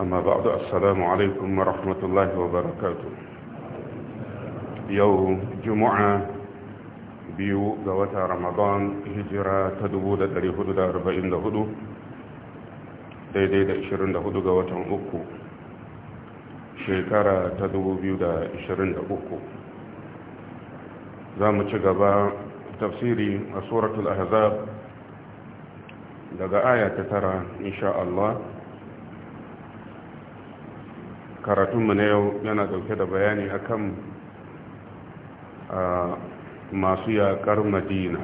أما بعد السلام عليكم ورحمة الله وبركاته يوم جمعة بيو قوات رمضان هجرة تدبود داري هدو دا أربعين دا هدو داي داي دا إشرين دا هدو قوات أكو شكرة تدبو بيو دا إشرين دا أكو زام تشغبا تفسيري سورة الأحزاب لقى آية ترى إن شاء الله karatunmu na yau yana dauke da bayani akan ah, masu yaƙar madina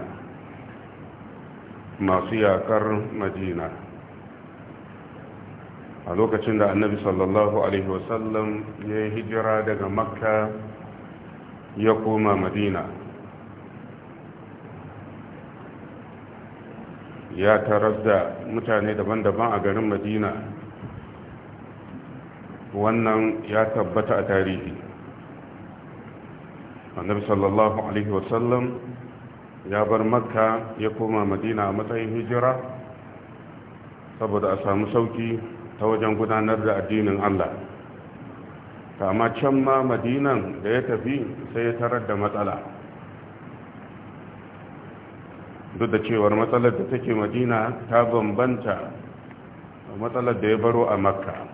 masu yakar madina a lokacin da annabi sallallahu alaihi wasallam ya yi hijira daga makka ya koma madina ya tarar da mutane daban-daban a garin madina wannan ya tabbata a tarihi annabi sallallahu alaihi wasallam ya bar makka ya koma madina a matsayin hijira saboda a samu sauki ta wajen gudanar da addinin allah kama can ma madinan da ya tafi sai ya tarar da matsala duk da cewar matsalar da take madina ta bambanta matsalar da ya baro a makka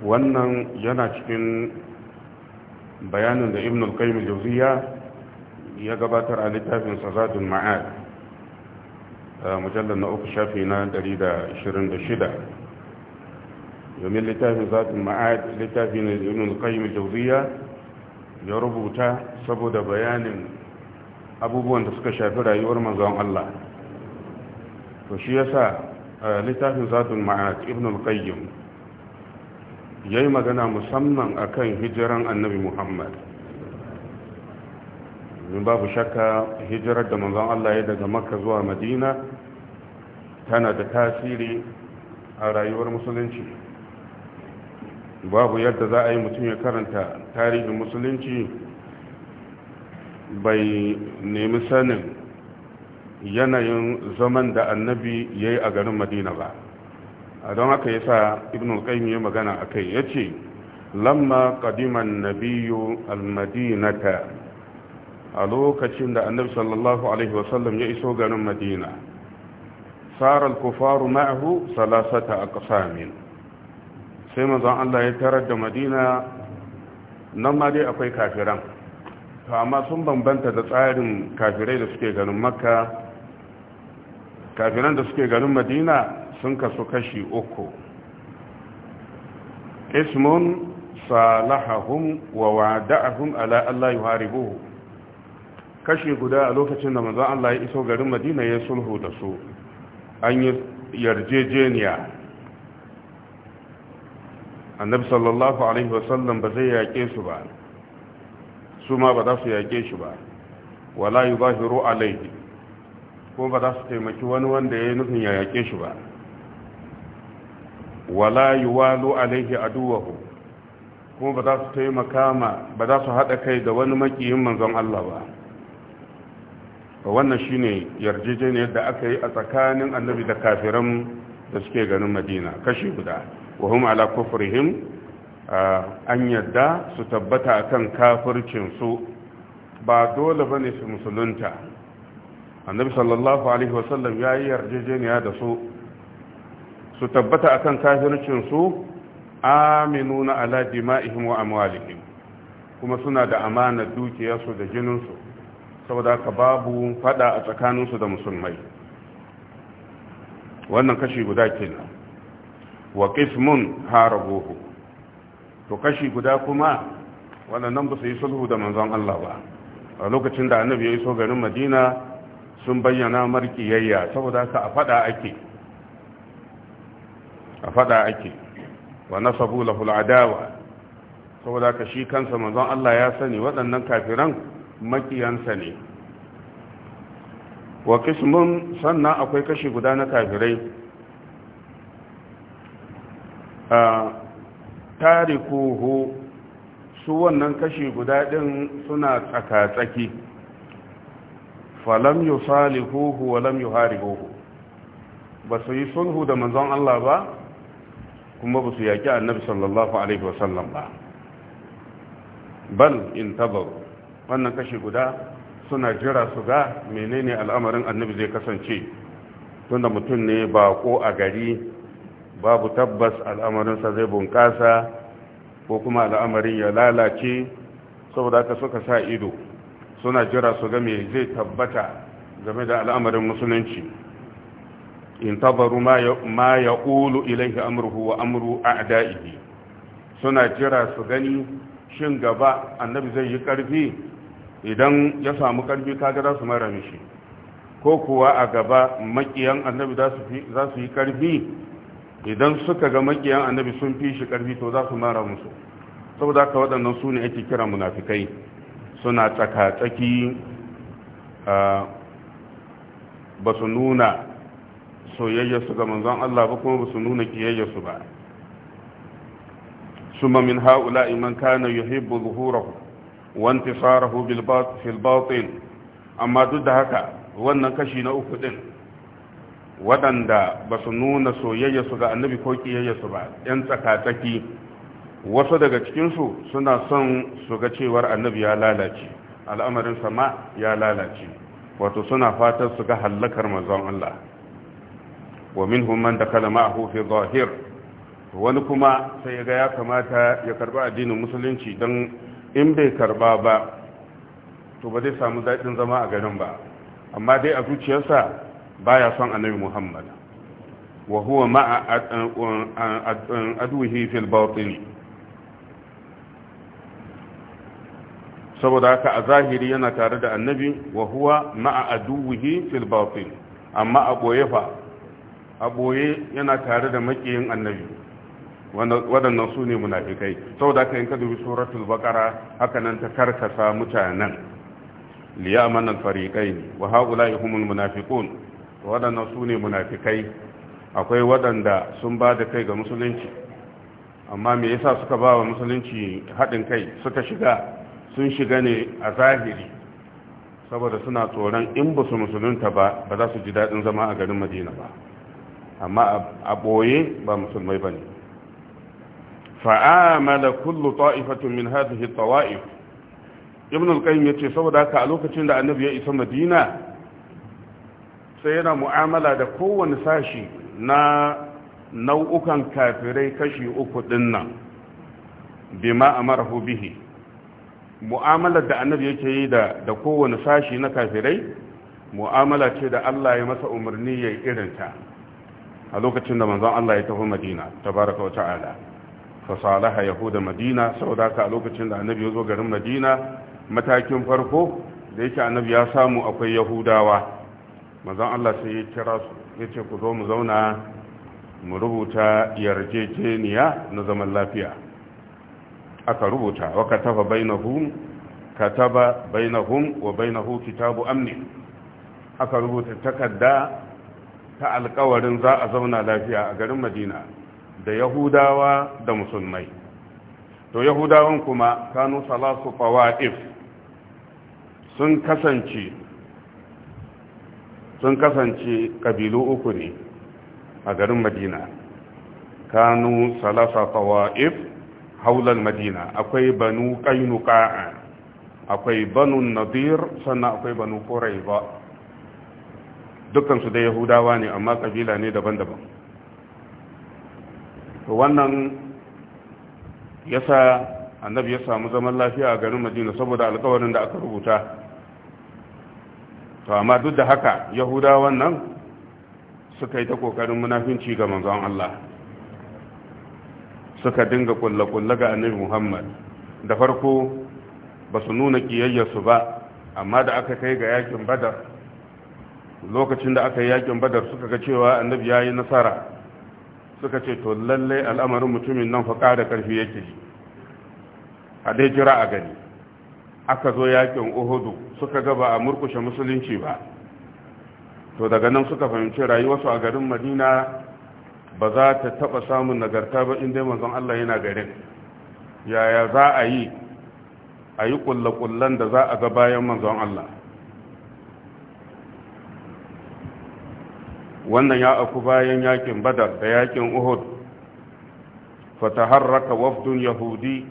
wannan yana cikin bayanin da ibn al-qayyim al-jawziya ya gabatar a littafin sazadul ma'ad mujallal na uku shafi na 126 domin littafin zadul ma'ad littafin ibn al-qayyim al-jawziya ya rubuta saboda bayanin abubuwan da suka shafi rayuwar manzon Allah to shi yasa littafin zadul ma'ad ibn al-qayyim ya yi magana musamman a kan hijiran annabi muhammad in babu shakka hijirar da manzon Allah ya daga makka zuwa madina tana da tasiri a rayuwar musulunci babu yadda za a yi mutum ya karanta tarihin musulunci bai nemi sanin yanayin zaman da annabi ya yi a garin madina ba don haka ya ibn al-qayyim ya magana akai yace lamma qadima nabiyyu al-madinata a lokacin da annabi sallallahu alaihi ya iso garin madina sara al-kufaru ma'ahu salasata aqsamin sai manzon Allah ya tarar da madina nan ma dai akwai kafiran to amma sun bambanta da tsarin kafirai da suke ganin makka kafiran da suke garin madina sun kasu kashi uku ismun salahahum wa wada'ahum ala Allah ya yuharibuhu kashi guda a lokacin da manzon Allah ya iso garin Madina ya sulhu da su an yi yarjejeniya annabi sallallahu alaihi wasallam ba zai yaƙe su ba su ma ba za su yaƙe shi ba wala yuzahiru alaihi ko ba za su taimaki wani wanda ya yi nufin ya yaƙe shi ba wala yuwalu alaihi aduwahu kuma ba za su taimaka ma ba za su haɗa kai da wani makiyin manzon Allah ba wannan shine yarjejeniyar da aka yi a tsakanin annabi da kafiran da suke ganin madina kashi guda wahum ala kufrihim an yadda su tabbata akan kafircinsu ba dole ba ne su musulunta annabi sallallahu alaihi wasallam ya yi yarjejeniya da su su tabbata a kan kafircinsu aminuna ala ma'ihim wa amwalihim kuma suna da amana dukiyarsu da jininsu saboda ka babu fada a tsakaninsu da musulmai wannan kashi guda kenan wa hara harabuhu to kashi guda kuma waɗannan ba su yi sulhu da manzon Allah ba a lokacin da annabi ya iso garin Madina sun bayyana markiyayya saboda ka a fada ake fada ake wa nasabu lahu adawa saboda ka shi kansa manzon Allah ya sani waɗannan kafiran makiyansa ne wa kismun sannan akwai kashi guda na kafirai tarikuhu su wannan kashi guda ɗin suna tsaka-tsaki falam yi salihuhu walam yi harihuhu ba su yi sulhu da manzon Allah ba kuma ba su yaƙi annabi sallallahu alaihi wasallam ba bal in wannan kashi guda suna jira su ga menene al'amarin annabi zai kasance tunda mutum ne ba ko a gari babu tabbas al'amarinsa zai bunƙasa ko kuma al'amarin ya lalace saboda ka suka sa ido suna jira su ga me zai tabbata game da al'amarin musulunci intabaru ma ya ƙulu ilaihi amurhu wa amuru a da'ihi suna jira su gani shin gaba annabi zai yi ƙarfi idan ya samu ƙarfi kaga za su mara mishi ko kuwa a gaba makiyan annabi za su yi ƙarfi idan suka ga makiyan annabi sun fi shi ƙarfi to za su mara musu saboda ka waɗannan su ne ake kira munafikai suna tsaka-tsaki ah, ba su nuna soyayyarsu ga manzon Allah ba kuma ba su nuna kiyayyarsu ba summa min iman man kana yuhibbu zuhurahu wa intisarahu bil fil amma duk da haka wannan kashi na uku din waɗanda ba su nuna soyayyarsu ga annabi ko kiyayyarsu ba yan tsakataki wasu daga cikinsu suna son su ga cewar annabi ya lalace al'amarin sama ya lalace wato suna fatan su ga hallakar manzon Allah wa minhum man dakala ma'ahu fi zahir wani kuma sai ga ya kamata ya karba addinin musulunci don in bai karba ba to ba zai samu daɗin zama a garin ba amma dai a zuciyarsa baya son annabi muhammad wa huwa ma'a uh, uh, uh, aduhi fil batin saboda haka a zahiri yana tare da annabi wa huwa ma'a aduhi fil batin amma a boye fa Aboye yana tare da makiyin annabi waɗannan su ne munafikai saboda haka yin ka dubi suratul bakara haka nan ta karkasa mutanen liyaman al ne wa haula'i kuma munafikun waɗannan su ne munafikai akwai waɗanda sun ba da kai ga musulunci amma me yasa suka ba wa musulunci haɗin kai suka shiga sun shiga ne a zahiri saboda suna tsoron in ba su musulunta ba ba za su ji daɗin zama a garin madina ba amma a ɓoye ba musulmai ba ne fa'amala kullu ta'ifatun min hadhihi tawa'if ibn al-qayyim ce saboda haka a lokacin da annabi ya isa madina sai yana mu'amala da kowane sashi na nau'ukan kafirai kashi uku dinnan bima amarahu bihi mu'amalar da annabi yake yi da da kowane sashi na kafirai mu'amala ce da Allah ya masa umarni ya irinta a lokacin da manzon Allah ya tafi Madina tabaraka wa ta'ala fa salaha yahuda Madina saboda ka a lokacin da annabi ya zo garin Madina matakin farko da yake annabi ya samu akwai yahudawa manzon Allah sai ya kira su ce ku zo mu zauna mu rubuta yarjejeniya na zaman lafiya aka rubuta wa kataba bainahum kataba bainahum wa bainahu kitabu amni aka rubuta takarda ta alkawarin za a zauna lafiya a garin madina da yahudawa da musulmai to yahudawan kuma kanu salasu fawa'if sun kasance sun kasance kabilu uku ne a garin madina kanu salasa fawa'if haular madina akwai banu kainuka akwai banu nadir sannan akwai banu kurai ba dukansu da yahudawa ne amma kabila ne daban-daban wannan yasa annabi ya samu zaman lafiya a garin madina saboda alkawarin da aka rubuta to amma duk da haka yahudawan nan suka yi ta kokarin munafinci ga manzon Allah suka dinga ƙulle kulle ga annabi muhammad da farko ba su nuna kiyayyarsu ba amma da aka kai ga yakin badar lokacin da aka yi yakin badar suka ga cewa annabi ya yi nasara suka ce to lalle al'amarin mutumin nan fa da ƙarfi yake a dai jira a gani aka zo yakin uhudu suka ga ba a murkushe musulunci ba to daga nan suka fahimci rayuwarsu a garin madina ba za ta taɓa samun nagarta ba inda manzon allah yana garin yaya za a yi a yi ƙulle-ƙullen da za a ga bayan manzon allah wannan ya aku bayan yakin badar da yakin uhud fataharraka wafdun yahudi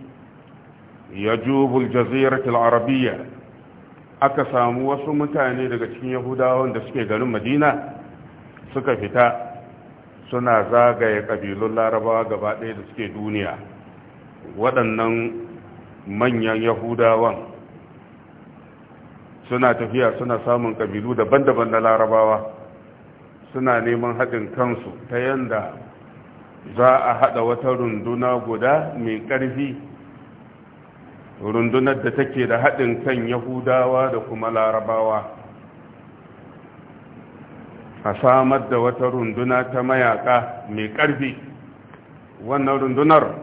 ya jubul jaziratul arabiyya aka samu wasu mutane daga cikin yahudawan da suke garin madina suka fita suna zagaye ƙabilun larabawa gaba ɗaya da suke duniya waɗannan manyan yahudawan suna tafiya suna samun ƙabilu daban-daban na larabawa suna neman haɗin kansu ta yadda za a haɗa wata runduna guda mai ƙarfi rundunar da take da haɗin kan yahudawa da kuma larabawa a samar da wata runduna ta mayaka mai ƙarfi wannan rundunar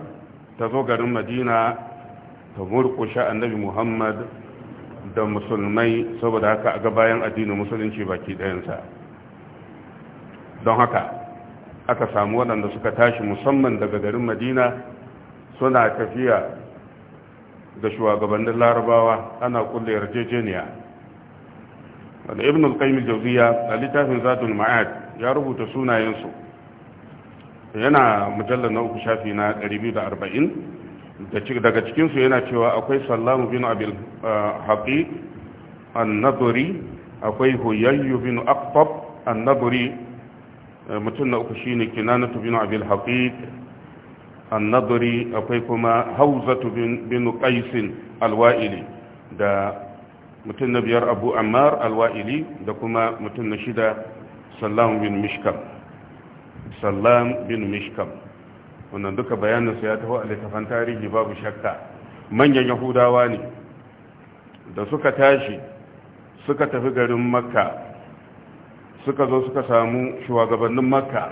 ta zo garin madina ta murƙushe annabi muhammad da musulmai saboda haka a ga bayan addinin musulunci baki ɗayansa don haka aka samu waɗanda suka tashi musamman daga garin madina suna tafiya da shugabannin larabawa ana kulle yarjejeniya wanda ibn al-qayyim al-jawziya a littafin zadul ma'ad ya rubuta sunayensu yana mujallar na uku shafi na 240 daga cikinsu yana cewa akwai sallamu bin abil eh, an annaburi akwai huyayyu bin aqtab annaburi mutum na uku shi shine kinanatu bin abil haqiq an-nadri akwai kuma hauzatu bin qais al-wa'ili da mutum na biyar abu ammar al-wa'ili da kuma mutum na shida sallam bin mishkam sallam bin mishkam wannan duka bayaninsa ya taho a littafan tarihi babu shakka manyan yahudawa ne da suka tashi suka tafi garin makka suka zo suka samu shugabannin makka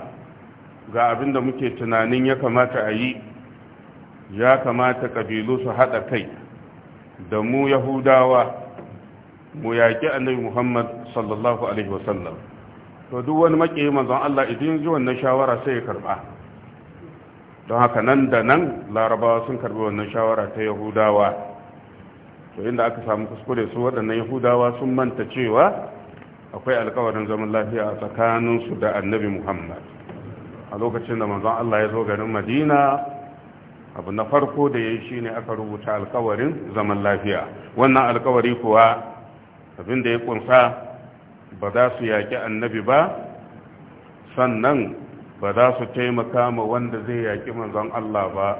ga abin da muke tunanin ya kamata a yi ya kamata ƙabilu su haɗa kai da mu yahudawa mu yaƙi annabi muhammad sallallahu alaihi wasallam to duk wani maƙiyi manzon allah idan ji wannan shawara sai ya karba don haka nan da nan larabawa sun karɓi wannan shawara ta yahudawa to inda aka samu kuskure su waɗannan yahudawa sun manta cewa akwai alkawarin zaman lafiya a tsakaninsu da annabi muhammad a lokacin da manzon allah ya zo garin madina abu na farko da ya yi shi ne aka rubuta alkawarin zaman lafiya wannan alkawari kuwa abin da ya kunsa ba za su yaƙi annabi ba sannan ba za su taimaka ma wanda zai yaƙi manzon allah ba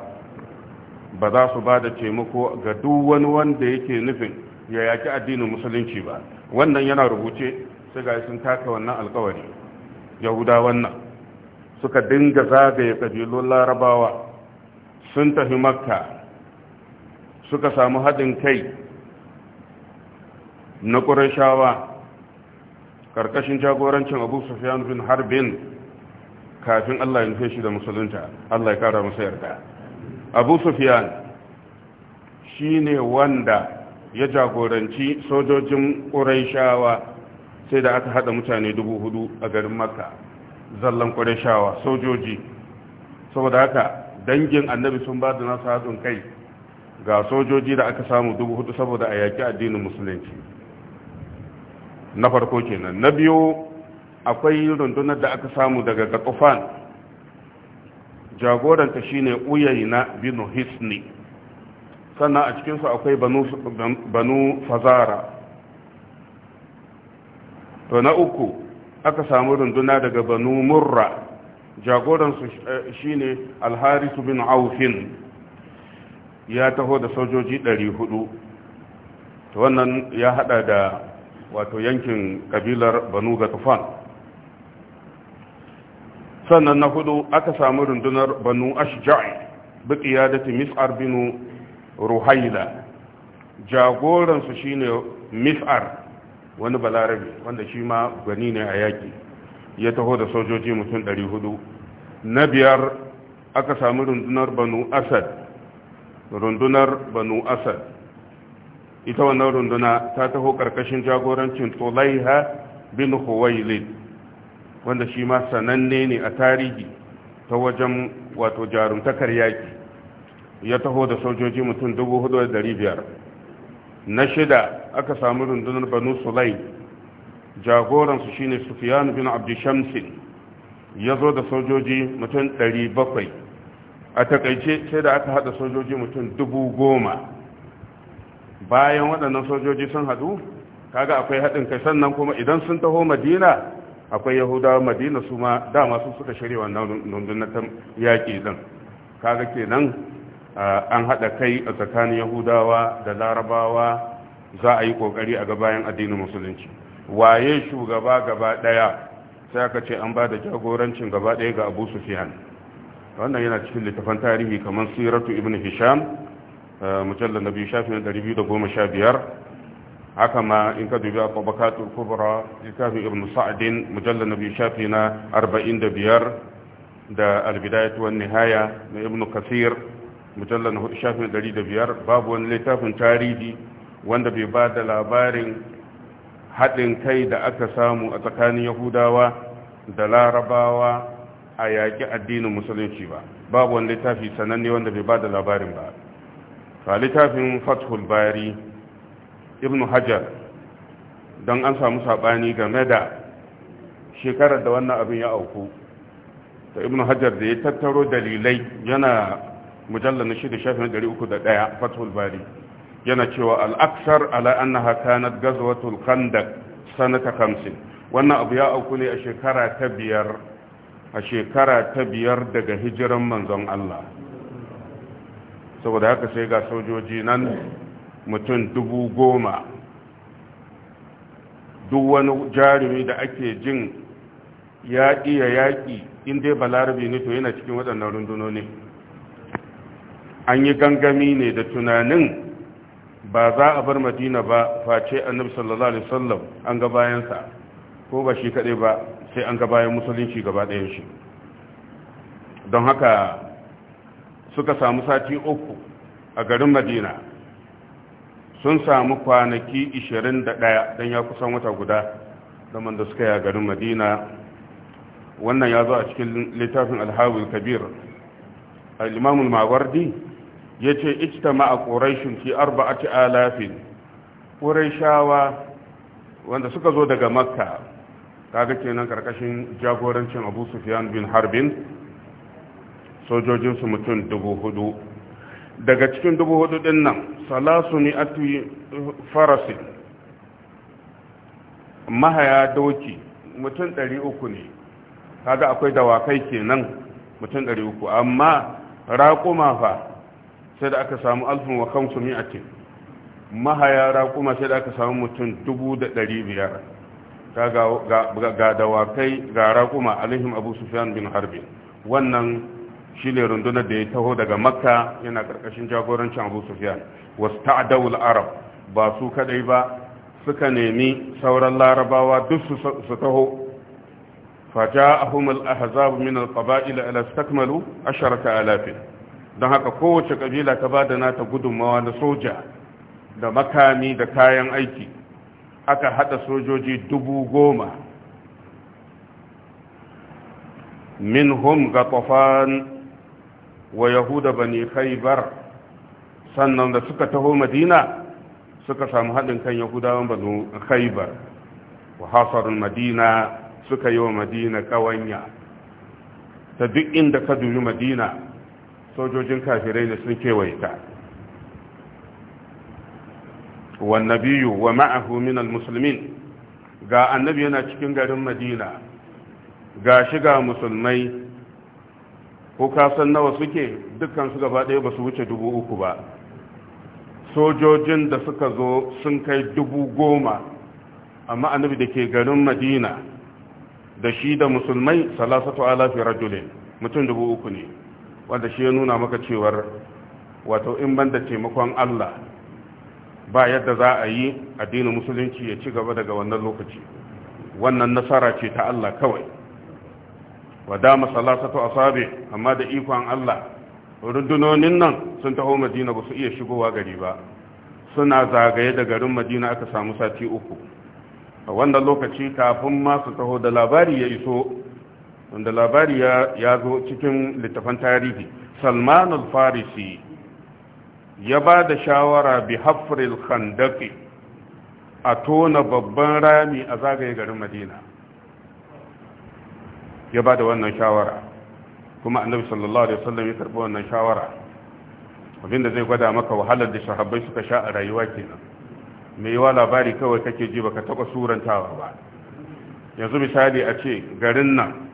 ba za su ba da taimako ga duk wani wanda yake nufin ya yaƙi addinin musulunci ba wannan yana rubuce sai ga sun taka wannan alkawari yahuda wannan suka dinga zagaye kabilun larabawa sun tafi makka suka samu haɗin kai na ƙurashawa ƙarƙashin jagorancin abu sufiyan bin harbin kafin allah ya nufe shi da musulunta allah ya ƙara masa yarda abu sufiyan shi ne wanda ya jagoranci sojojin ƙurashawa sai da aka hada mutane dubu hudu a garin makka zallan shawa sojoji saboda haka dangin annabi sun ba da nasu hatsun kai ga sojoji da aka samu dubu hudu saboda a yaƙi addinin musulunci na farko kenan na biyu akwai rundunar da aka samu daga gatsufan jagoranta shine na binu hisni sannan a cikinsu akwai banu fazara to na uku aka samu runduna daga banu murra jagoransu eh, shine alharisu bin aufin ya taho da sojoji 400 to wannan ya hada da wato yankin kabilar banu gatufan sannan na hudu aka samu rundunar banu ashja'i bi qiyadati mis'ar bin ruhaila jagoransu shine mis'ar wani balarabe wanda shi ma gani ne a yaƙi ya taho da sojoji mutum 400 na biyar aka sami rundunar banu asad rundunar banu asad ita wannan runduna ta taho ƙarƙashin jagorancin tulaiha bin huwailid wanda shi ma sananne ne a tarihi ta wajen wato jarumtakar yaƙi ya taho da sojoji mutum 4,500 na shida aka samu rundunar banu sulai jagoransu shine sufiyan bin Shamsi. ya zo da sojoji mutum 700 a takaice sai da aka haɗa sojoji mutum dubu goma bayan waɗannan sojoji sun haɗu, kaga akwai haɗin kai sannan kuma idan sun taho madina akwai yahudawa madina su ma dama su suka shirya wannan rundunar yaƙi ɗin kaga kenan Eh, an haɗa kai a tsakanin yahudawa da larabawa za a yi ƙoƙari a gabayan addinin musulunci waye shugaba gaba ɗaya sai aka ce an ba da jagorancin gaba ɗaya ga abu sufiyan wannan yana cikin littafan tarihi kamar siratu ibn hisham eh, mujallar na biyu shafin 215 haka ma in ka dubi a tabakatul kubra littafin ibn sa'adin mujallar na biyu shafi na 45 da albidayatuwan nihaya na ibn kasir mujallar na hudu shafin ɗari da biyar babu wani littafin tarihi wanda bai ba da labarin haɗin kai da aka samu a tsakanin yahudawa da larabawa a yaƙi addinin musulunci ba babu wani littafi sananne wanda bai ba da labarin ba a littafin fathul bari ibn hajar don an samu saɓani game da shekarar da wannan abin ya auku ta ibn hajar da ya tattaro dalilai yana mujallar na shida shafin ɗari uku da ɗaya fatul bari yana cewa al'aksar ala annaha kanat gazwatul khandak sanata kamsin wannan abu ya auku ne a shekara ta biyar a shekara ta biyar daga hijiran manzon Allah saboda haka sai ga sojoji nan mutum dubu goma duk wani jarumi da ake jin ya iya yaƙi inda balarabi ne to yana cikin waɗannan rundunoni an yi gangami ne da tunanin ba za a bar madina ba face annabi sallallahu alaihi wasallam an ga bayansa ko ba shi kaɗai ba sai an ga bayan musulunci gaba ɗayan shi don haka suka samu sati uku a garin madina sun samu kwanaki 21 don ya kusan wata guda zaman da suka yi a garin madina wannan ya zo a cikin littafin alhawul kabir al-imamul mawardi ya ce ijtama a ƙorashin fi arba'ati alafin ƙorashawa wanda suka zo daga makka kaga kenan karkashin jagorancin abu sufyan bin harbin sojojinsu mutum dubu hudu daga cikin dubu hudu din nan salasu ni ati farasin mahaya doki mutum ɗari uku ne kaga akwai dawakai kenan mutum ɗari uku amma raƙuma fa sai da aka samu alfin wa kamsu mi'atin mahaya kuma sai da aka samu mutum dubu da ɗari biyar ga dawakai ga raƙuma alihim abu sufyan bin harbi wannan shi ne rundunar da ya taho daga makka yana ƙarƙashin jagorancin abu sufyan wasu ta'adawul arab ba su kaɗai ba suka nemi sauran larabawa duk su taho فجاءهم الأحزاب من القبائل ألا استكملوا عشرة آلاف don haka kowace kabila ta ba da nata gudunmawa na soja da makami da kayan aiki aka hada sojoji dubu goma Min hum ga gatofan wa yahuda ne haibar sannan da suka taho madina suka samu haɗin kan yahudawan ba banu haibar. wa hasarun madina suka yi wa madina ƙawanya ta duk inda ka duyi madina sojojin kafirai da sun kewaye ta wa nabiyu wa ma'ahu min almuslimin ga annabi yana cikin garin madina ga shiga musulmai ko kasan nawa suke dukkan su gaba ɗaya ba su wuce dubu uku ba sojojin da suka zo sun kai dubu goma amma annabi da ke garin madina da shi da musulmai salasatu alafi rajulin mutum dubu uku ne wanda shi ya nuna maka cewar wato in banda taimakon Allah ba yadda za a yi addinin musulunci ya ci gaba daga wannan lokaci wannan nasara ce ta Allah kawai wadama salasatu asabi amma da ikon Allah rundunonin nan sun taho Madina ba su iya shigowa gari ba suna zagaye da garin Madina aka samu sati uku a wannan lokaci kafin ma su taho da labari ya iso wanda labari ya zo cikin littafan tarihi salman al-farisi ya ba da shawara bi hafril khandaki a tona babban rami a zagaye garin madina ya ba da wannan shawara kuma annabi sallallahu alaihi wasallam ya karbi wannan shawara abinda zai gwada maka wahalar da sahabbai suka sha a rayuwa kenan me yawa labari kawai kake ji baka taba surantawa ba yanzu misali a ce garin nan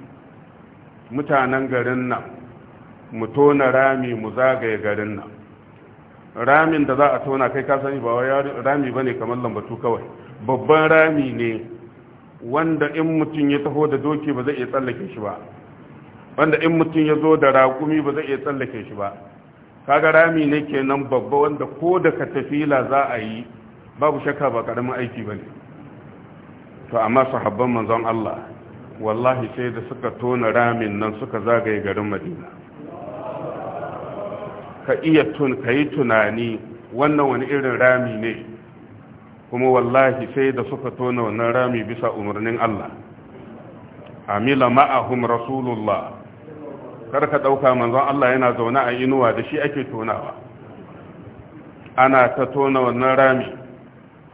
mutanen garin nan mu tona rami mu zagaye garin nan ramin da za a tona kai ka sani ba rami ba ne kamar lambatu kawai babban rami ne wanda in mutum ya taho da doki ba zai iya tsallake shi ba wanda in mutum ya zo da raƙumi ba zai iya tsallake shi ba kaga rami ne kenan babba wanda ko da ka tafila za a yi babu shakka ba karamin aiki ba ne to amma sahabban manzon Allah wallahi sai da suka tona ramin nan suka zagaye garin madina ka iya tun ka yi tunani wannan wani irin rami ne kuma wallahi sai da suka tona wannan rami bisa umarnin Allah amila ma'ahum rasulullah kar ka ɗauka manzon Allah yana zaune a inuwa da shi ake tonawa ana ta tona wannan rami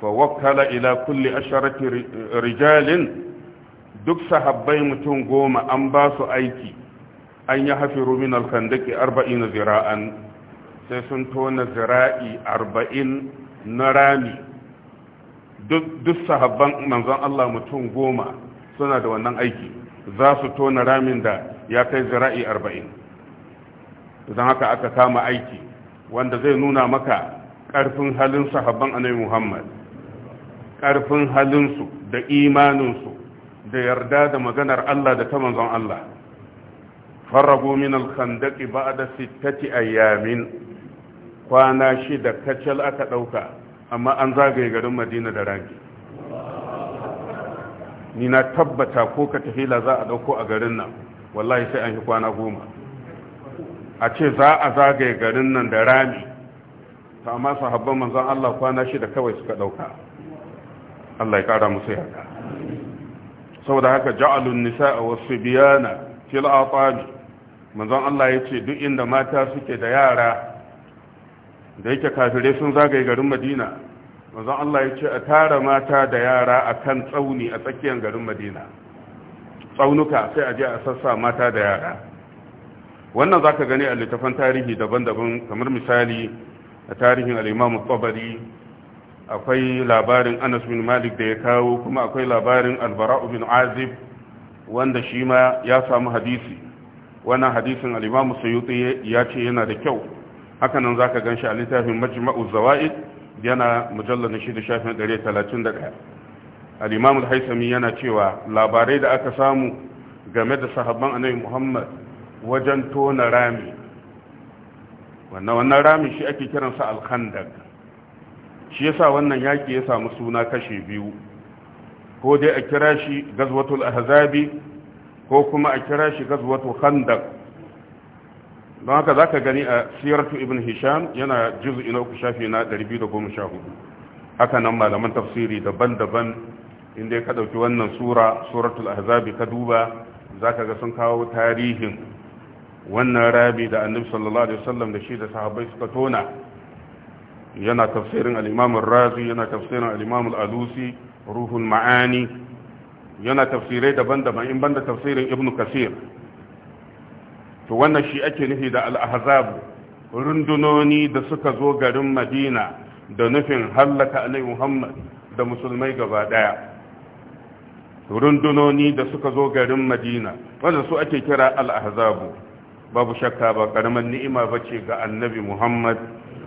fa wakala ila kulli asharati rijalin duk sahabbai mutum goma an ba su aiki an yi hafi rumin alkandaki arba'in zira'an sai sun tona zira'i arba'in na rami duk sahabban manzon Allah mutum goma suna da wannan aiki za su tona ramin da ya kai zira'i arba'in don haka aka kama aiki wanda zai nuna maka ƙarfin halin sahabban annabi muhammad ƙarfin halinsu da imaninsu da yarda da maganar Allah da ta manzon Allah farragu min al-khandaqi ba'da sittati ayamin kwana shida kacal aka dauka amma an zagaye garin Madina da rani ni na tabbata ko ka tafila za a dauko a garin nan wallahi sai an yi kwana goma a ce za a zagaye garin nan da rami ta amma sahabban manzon Allah kwana shida kawai suka dauka Allah ya kara musu yarda saboda haka ja'alun a wasu biyana fil atami manzon Allah ya ce duk inda mata suke da yara da yake kafirai sun zagaye garin Madina manzon Allah ya ce a tara mata da yara akan tsauni a tsakiyar garin Madina tsaunuka sai a je a sassa mata da yara wannan zaka gani a littafan tarihi daban-daban kamar misali a tarihin al-Imam akwai labarin anas bin malik da ya kawo kuma akwai labarin albara'u bin azib wanda shi ma ya samu hadisi wannan hadisin alimamu sayuti ya ce yana da kyau hakanan za ka gan shi a littafin majma'u zawa'id yana mujallar na da shafin 131 alimamu haisami yana cewa labarai da aka samu game da sahabban annabi muhammad wajen tona rami wannan rami shi ake kiransa alkhandak shi yasa wannan yaki ya samu suna kashe biyu ko dai a kira shi gazwatul ahzabi ko kuma a kira shi gazwatul khandaq don haka zaka gani a siratu ibn hisham yana juz'i na uku shafi na 214 haka nan malaman tafsiri daban-daban inda ka dauki wannan sura suratul ahzabi ka duba zaka ga sun kawo tarihin wannan rabi da annabi sallallahu alaihi wasallam da shi da sahabbai suka tona yana tafsirin al-imam razi yana tafsirin al alusi ruhun ma'ani yana tafsirai daban-daban in banda tafsirin Ibn kasir to wannan shi ake nufi da al rundunoni da suka zo garin madina da nufin hallaka alai muhammad da musulmai gaba daya rundunoni da suka zo garin madina wanda su ake kira al babu shakka ba ƙaramin ni'ima ba ce ga annabi muhammad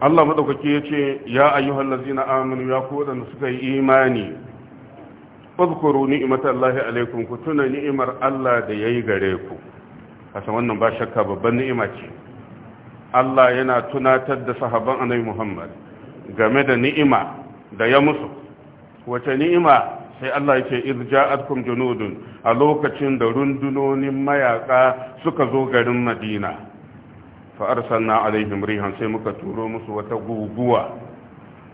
Allah madaukake ya ce ya ayyuhal lazina amanu ya ku da suka yi imani fadkuru ni'imata Allah alaikum ku tuna ni'imar Allah da yi gare ku kasan wannan ba shakka babban ni'ima ce Allah yana tunatar da sahabban Annabi Muhammad game da ni'ima da ya musu wace ni'ima sai Allah yake irja ja'atkum junudun a lokacin da rundunonin mayaka suka zo garin Madina fa arsalna alaihim rihan sai muka turo musu wata guguwa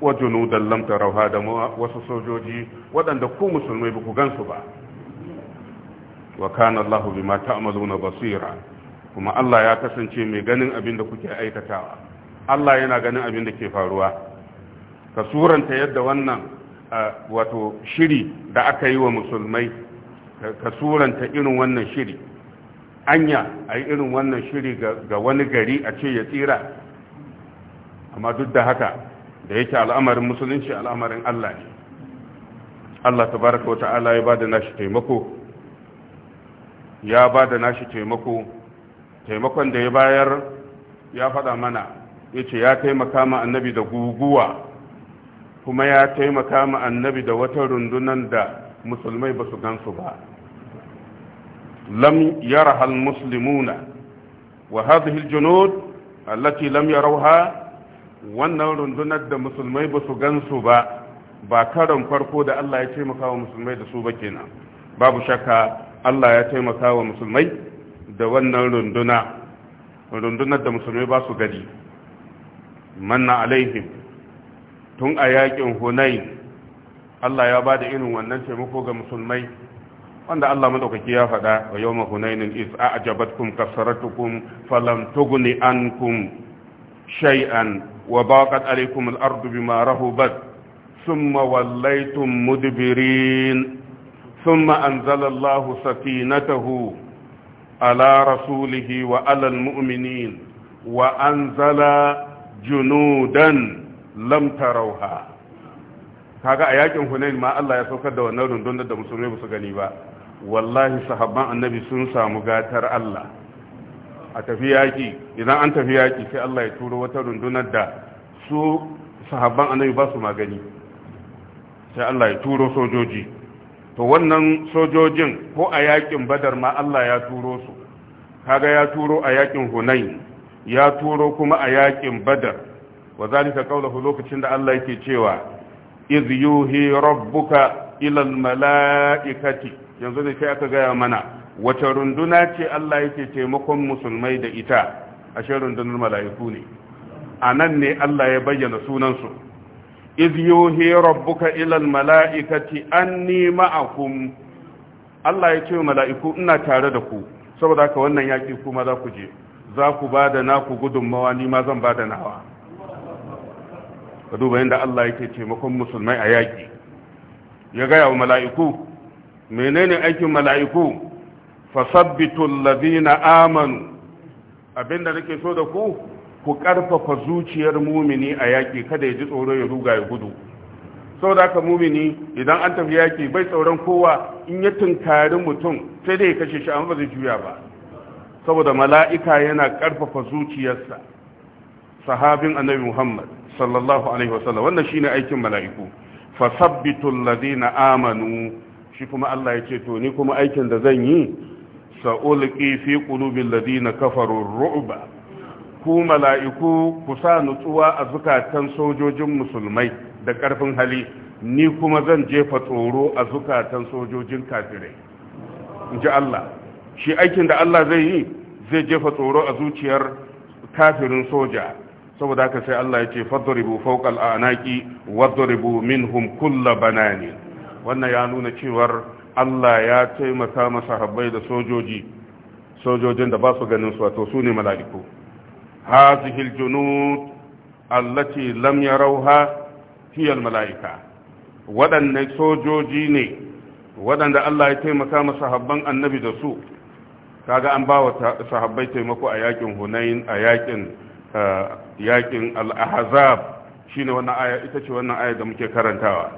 wa junudan lam tarawha da wasu sojoji waɗanda ku musulmai ba ku gansu ba wa kana Allahu bima ta'maluna basira kuma Allah ya kasance mai ganin abin da kuke aikatawa Allah yana ganin abin da ke faruwa ka suranta yadda wannan wato shiri da aka yi wa musulmai ka suranta irin wannan shiri anya a yi irin wannan shiri ga wani gari a ce ya tsira amma duk da haka da yake al'amarin musulunci al'amarin Allah ne Allah tabaraka wa ta'ala ya da nashi taimako ya da nashi taimako taimakon da ya bayar ya faɗa mana ya ce ya taimaka ma annabi da guguwa kuma ya taimaka ma annabi da wata rundunan da musulmai ba su gansu ba لم يرها المسلمون وهذه الجنود التي لم يروها wannan rundunar da musulmai ba su gansu ba ba karon farko da Allah ya taimaka wa musulmai da su ba kenan babu shakka Allah ya taimaka wa musulmai da wannan runduna rundunar da musulmai ba su gani manna alaihim tun a yakin hunain Allah ya ba da irin wannan taimako ga musulmai wanda Allah madaukaki ya faɗa wa yawma hunainin is a'jabatkum kasaratukum falam an ankum shay'an wa baqat alaykum al-ardu bima rahubat thumma wallaytum mudbirin thumma anzala Allahu sakinatahu ala rasulihi wa ala al-mu'minin wa anzala junudan lam tarawha kaga a yakin hunain ma Allah ya saukar da wannan rundunar da musulmai ba su gani ba wallahi sahabban annabi sun samu gatar Allah a tafi yaki idan an tafi yaki sai Allah ya turo wata rundunar da su sahabban annabi ba su magani sai Allah ya turo sojoji to wannan sojojin ko a yakin badar ma Allah ya turo su kaga ya turo a yakin hunain ya turo kuma a yakin badar wa zalika qawluhu lokacin da Allah yake cewa iz yuhi rabbuka ilal mala'ikati yanzu ne sai aka gaya mana wata runduna ce Allah yake taimakon musulmai da ita ashe rundunar mala'iku ne a nan ne Allah ya bayyana sunansu iz yuhi rabbuka ilal mala'ikati anni ma'akum Allah ya ce mala'iku ina tare da ku saboda haka wannan yaki kuma za ku je za ku ba da naku gudunmawa ni ma zan ba da nawa ka duba yadda Allah yake taimakon musulmai a yaƙi ya gaya wa mala'iku menene aikin mala'iku fasabbitul na amanu abinda nake so da ku ku ƙarfafa zuciyar mumini a yaƙi kada ya ji tsoron ya ruga ya gudu sau da mumini idan an tafi yaƙi bai tsoron kowa in ya tunkari mutum sai dai ya kashe shi an ba juya ba saboda mala'ika yana ƙarfafa zuciyarsa sahabin annabi muhammad sallallahu alaihi wasallam wannan shine aikin mala'iku fasabbitul ladina amanu shi kuma Allah ya to ni kuma aikin da zan yi sa'ulqi fi qulubil ladina kafaru ru'ba ku mala'iku ku sa nutsuwa a zukatan sojojin musulmai da karfin hali ni kuma zan jefa tsoro a zukatan sojojin kafirai inji Allah shi aikin da Allah zai yi zai jefa tsoro a zuciyar kafirin soja saboda haka sai Allah ya ce fadribu fawqal anaqi wadribu minhum kull banani wannan ya nuna cewar Allah ya taimaka masa habbai da sojoji sojojin da ba su ganin su wato su ne mala'iku hazihil junud allati lam yarawha hiya al mala'ika waɗannan sojoji ne waɗanda Allah ya taimaka masa habban annabi da su kaga an ba wa sahabbai taimako a yakin hunain a yakin uh, Yaƙin al'ahazab shi ne wannan aya ita ce wannan aya da muke karantawa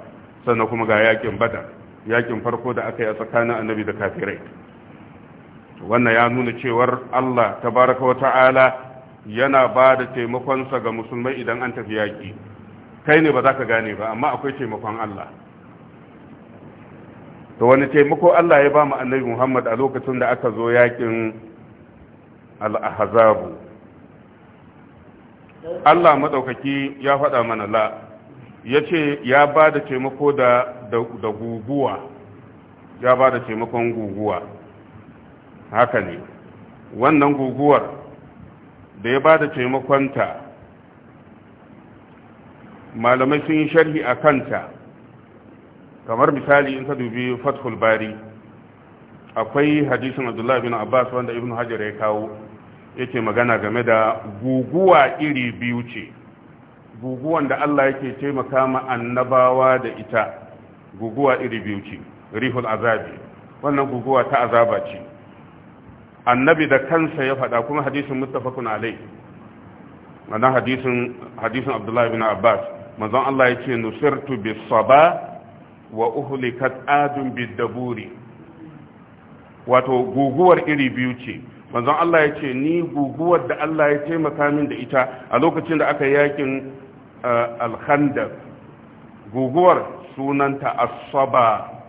sannan kuma ga yakin bada, yakin farko da aka yi a tsakanin annabi da kafirai wannan ya nuna cewar Allah tabaraka wata'ala yana ba da taimakonsa ga musulmai idan an tafi yaƙi kai ne ba za ka gane ba amma akwai taimakon Allah to wani taimako Allah ya ba mu annabi Muhammad a lokacin da aka zo yaƙin al-ahzabu Allah maɗaukaki ya faɗa mana la ya ce ya ba da taimako da guguwa ya ba da taimakon guguwa haka ne wannan guguwar da ya ba da taimakonta malamai sun yi sharhi a kanta kamar misali in ka dubi fathul bari akwai hadisin abdullahi bin abbas wanda ibn hajar ya kawo yake magana game da guguwa iri biyu ce guguwan da Allah yake taimaka ma annabawa da ita guguwa iri biyu ce rihul azabi wannan guguwa ta azaba ce annabi da kansa ya faɗa kuma hadisin muttafaqun alai wannan hadisin hadisin abdullahi bin Abbas manzon Allah yace nusirtu bis saba wa uhlikat adun bid daburi wato guguwar iri biyu ce manzon Allah ya ce ni guguwar da Allah ya taimaka min da ita a lokacin da aka yakin eh, alhandar guguwar sunanta asaba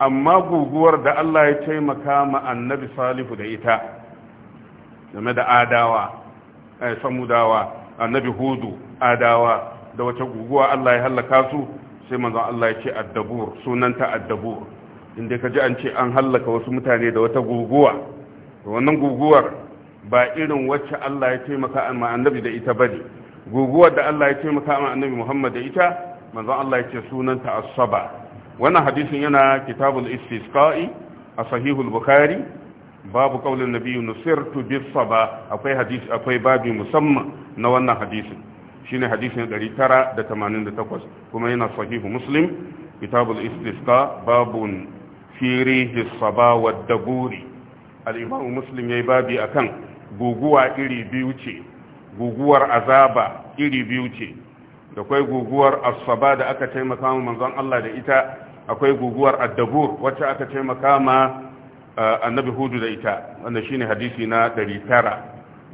amma guguwar da Allah ya taimaka ma annabi salihu da ita game da adawa eh, samudawa annabi hudu adawa da wata guguwa Allah ya halaka su sai manzon Allah ya ce addabur sunanta addabur inda ka an ce an hallaka wasu mutane da wata guguwa wannan guguwar ba irin wacce Allah ya taimaka ma annabi da ita bane guguwar da Allah ya taimaka a annabi Muhammad da ita manzon Allah ya ce sunanta as-saba wannan hadisin yana kitabul istisqa'i a sahihul bukhari babu qaulin nabiyyu nusirtu bis-saba akwai hadisi akwai babi musamman na wannan hadisin shine hadisin 988 kuma yana sahihu muslim kitabul istisqa babun fi rihis saba wad daburi al'imamu muslim ya yi babi a kan guguwa iri biyu ce guguwar azaba iri biyu ce da kwai guguwar asaba da aka taimaka ma manzon Allah da ita akwai guguwar addabur wacce aka taimaka ma eh, annabi hudu da ita wanda shine hadisi na tara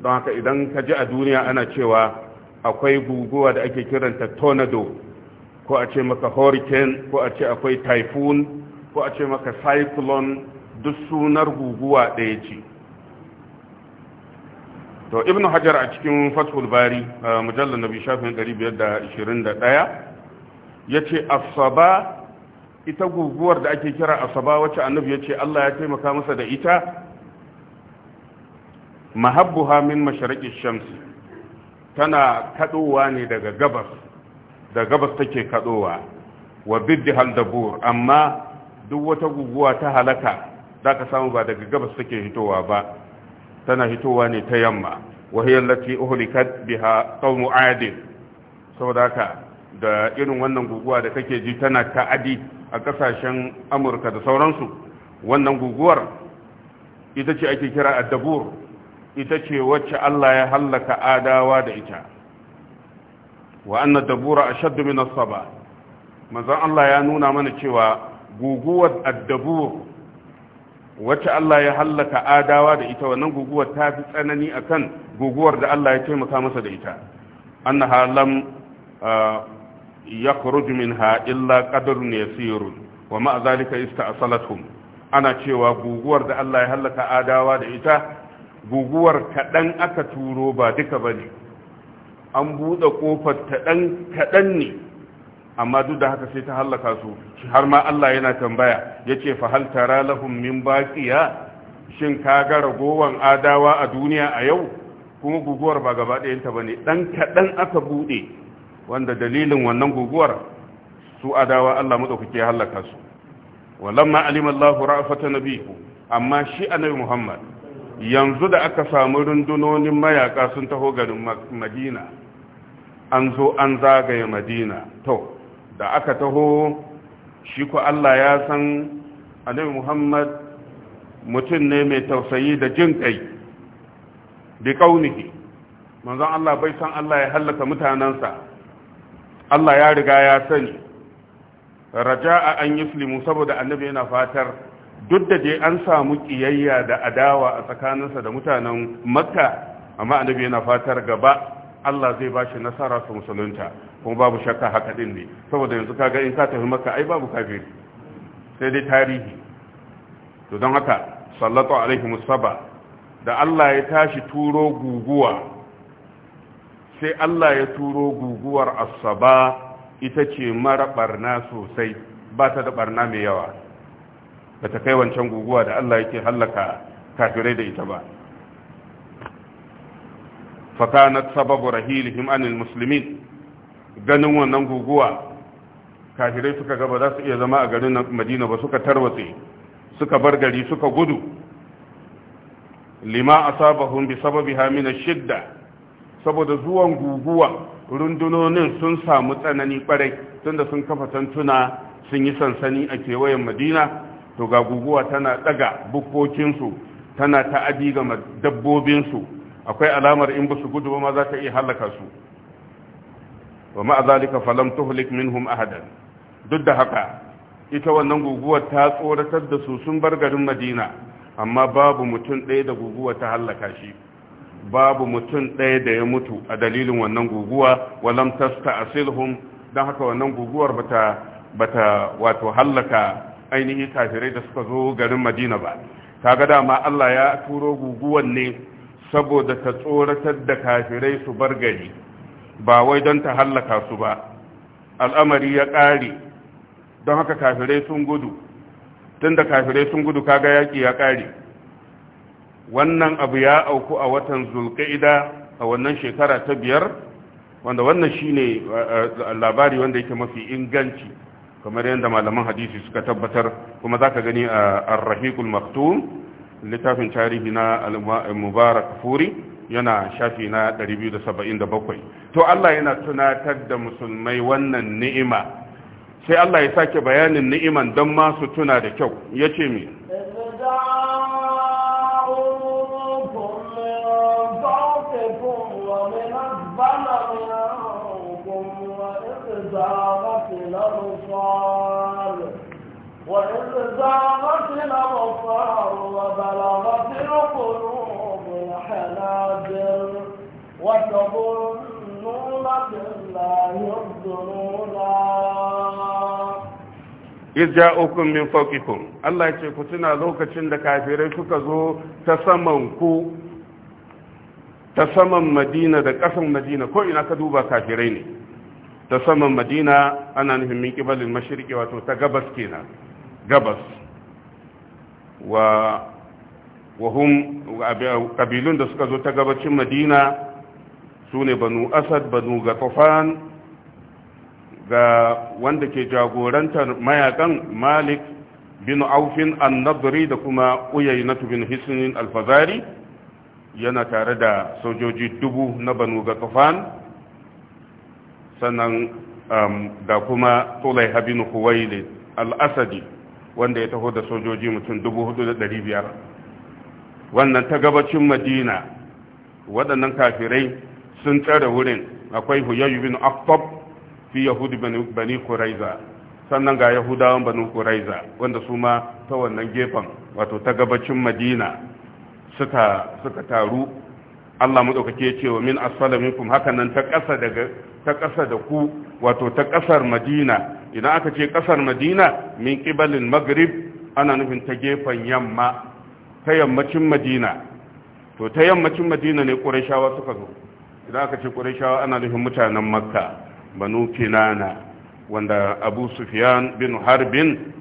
don haka idan ka ji a duniya ana cewa akwai guguwa da ake kiranta tornado ko a ce maka hurricane ko a ce akwai typhoon ko a ce maka cyclone duk sunar guguwa ɗaya ce to ibn hajar a cikin fatul bari mujallar nabi shafin 521 ya ce asaba ita guguwar da ake kira asaba wacce annabi ya ce allah ya taimaka masa da ita mahabbu min mashariki shamsi tana kaɗowa ne daga gabas da gabas take kaɗowa wa biddi haldabur amma duk wata guguwa ta halaka za ka samu ba daga gabas take hitowa ba tana hitowa ne ta yamma wahiyar lati uhlikat biha qaumu adin saboda haka da irin wannan guguwa da kake ji tana ta'adi a kasashen amurka da sauransu wannan guguwar ita ce ake kira addabur ita ce wacce allah ya hallaka adawa da ita wa anna dabura ashaddu min as-saba manzon allah ya nuna mana cewa guguwar addabur wacce Allah ya hallaka adawa da ita wannan guguwar ta fi tsanani a kan guguwar da Allah ya taimaka masa da ita annaha lam ah, yakhruj minha illa qadrun yasir wa ma zalika ista'salatuhum ana cewa guguwar da Allah ya hallaka adawa da ita guguwar kaɗan aka turo ba duka bane an buɗe ƙofar kaɗan ne amma duk da haka sai ta hallaka su har ma Allah yana tambaya yace fa hal tara lahum min baqiya shin ka ga ragowan adawa a duniya a yau kuma guguwar ba gaba ɗayan ta bane dan kadan aka bude wanda dalilin wannan guguwar su adawa Allah madaukake ya hallaka su walamma alima Allahu ra'fata nabihu amma shi annabi Muhammad yanzu da aka samu rundunonin mayaka sun taho garin Madina an zo an zagaye Madina to da aka taho shi ko Allah ya san annabi Muhammad mutum ne mai tausayi da jin kai bi kaunihi manzon Allah bai san Allah ya halaka mutanansa Allah ya riga ya sani raja'a an yuslimu saboda annabi yana fatar duk da dai an samu kiyayya da adawa a tsakaninsa da mutanen makka amma annabi yana fatar gaba Allah zai ba shi nasara su musulunta kuma babu shakka haka din ne saboda yanzu ka ga in ka tafi maka ai babu kafiri sai dai tarihi to don haka sallatu alaihi musaba da Allah ya tashi turo guguwa sai Allah ya turo guguwar asaba ita ce mara barna sosai ba ta da barna mai yawa ba ta kai wancan guguwa da Allah yake hallaka kafirai da ita ba fakanat sababu rahilihim anil muslimin ganin wannan guguwa kafirai suka ga ba za su iya zama a garin madina ba suka tarwatse suka bar gari suka gudu lima asabahum bi sababi hamina shidda saboda zuwan guguwa rundunonin sun samu tsanani kwarai tunda sun kafa tantuna sun yi sansani a kewayen madina to ga guguwa tana daga bukkokinsu tana ta'adi ga dabbobinsu akwai alamar in ba su gudu ba ma za ta iya halaka su wa ma'a zalika falam tuhlik minhum ahadan duk da haka ita wannan guguwar ta tsoratar da su sun bar garin madina amma babu mutum ɗaya da guguwa ta hallaka shi babu mutum ɗaya da ya mutu a dalilin wannan guguwa walam tasta asilhum don haka wannan guguwar bata bata wato hallaka ainihi kafirai da suka zo garin madina ba kaga dama Allah ya turo guguwar ne saboda ta tsoratar da kafirai su bar gari ba wai don ta hallaka su ba al'amari ya ƙare don haka kafirai sun gudu tun da kafirai sun gudu kaga yaƙi ya ƙare wannan abu ya auku a watan zulka'ida a wannan shekara ta biyar wanda wannan shine eh, labari wanda yake mafi inganci kamar yadda malaman hadisi suka tabbatar kuma za ka gani a arrahikul maktum littafin tarihi na al-mubarak furi yana shafi na 277 to Allah yana tunatar da musulmai wannan ni'ima sai Allah ya sake bayanin ni'iman don masu tuna da kyau ya ce mi وإذ زاغت الأبصار وبلغت القلوب الحناجر وتظنون بالله الظنونا إذ جاءكم من فوقكم الله يتي كتنا لوكتين دكافيرين سكزو تسمنكو ta saman madina da kasan madina ko ina ka duba kafirai ne ta saman madina ana nufin min ƙibalin mashirki wato ta gabas kenan gabas wa Wahu kabilun da suka zo ta gabacin madina su ne banu asad banu gatofan ga wanda ke jagorantar mayakan malik bin aufin annabri da kuma uyainatu bin hisnin alfazari yana tare da sojoji dubu na banu gatofan sannan da um, kuma tulai habinu Al-Asadi wanda ya taho da sojoji mutum dubu hudu da dari biyar wannan ta gabacin madina waɗannan kafirai sun tsare wurin akwai huyayu bin aftab fi bani kuraiza sannan ga yahudawan bani kuraiza wanda su ma ta wannan gefen wato ta gabacin madina suka suka taru Allah madaukake ce wa min asfala minkum hakanan ta ƙasa ta ƙasa da ku wato ta ƙasar Madina idan aka ce ƙasar Madina min ƙibalin maghrib ana nufin ta gefen yamma ta yammacin madina to ta yammacin madina ne ƙurashawa suka zo idan aka ce ƙurashawa ana nufin mutanen makka banu kinana wanda abu sufyan bin harbin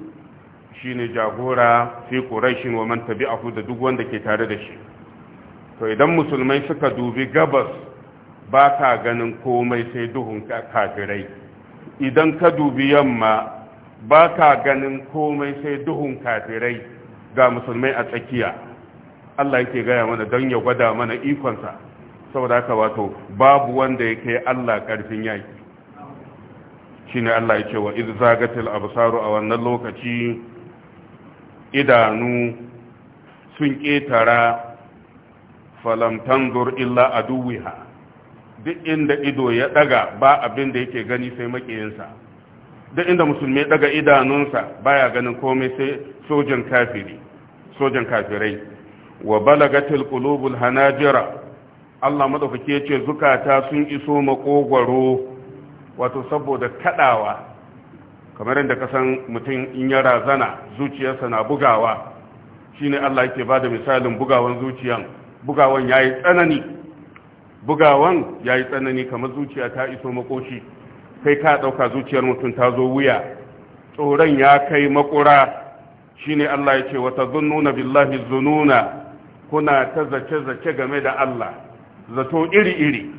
shi ne jagora fi ƙurashin wa man tabi'ahu da duk wanda ke tare da shi to idan musulmai suka dubi gabas ba ka ganin komai sai duhun kafirai idan ka dubi yamma ba ka ganin komai sai duhun kafirai ga musulmai a tsakiya Allah yake gaya mana don ya gwada mana ikonsa saboda haka wato babu wanda yake Allah karfin yaki shine Allah yake wa iz zagatil absaru a wannan lokaci idanu sun ketara falam tandur illa aduwiha duk inda ido ya daga ba abin da yake gani sai makiyinsa duk inda musulmi ya daga idanunsa baya ganin komai sai sojan kafiri sojan kafirai wa balagatil qulubul hanajira Allah madaukake yace zukata sun iso makogwaro wato saboda kadawa kamar yadda kasan mutum in ya razana zuciyarsa na bugawa shine Allah yake bada misalin bugawan zuciyan bugawan yayi tsanani bugawan yayi tsanani kamar zuciya ta iso makoshi kai ka dauka zuciyar mutum ta zo wuya tsoron ya kai makura shine Allah ya ce wata zununa billahi zununa kuna ta zace zace game da Allah zato iri iri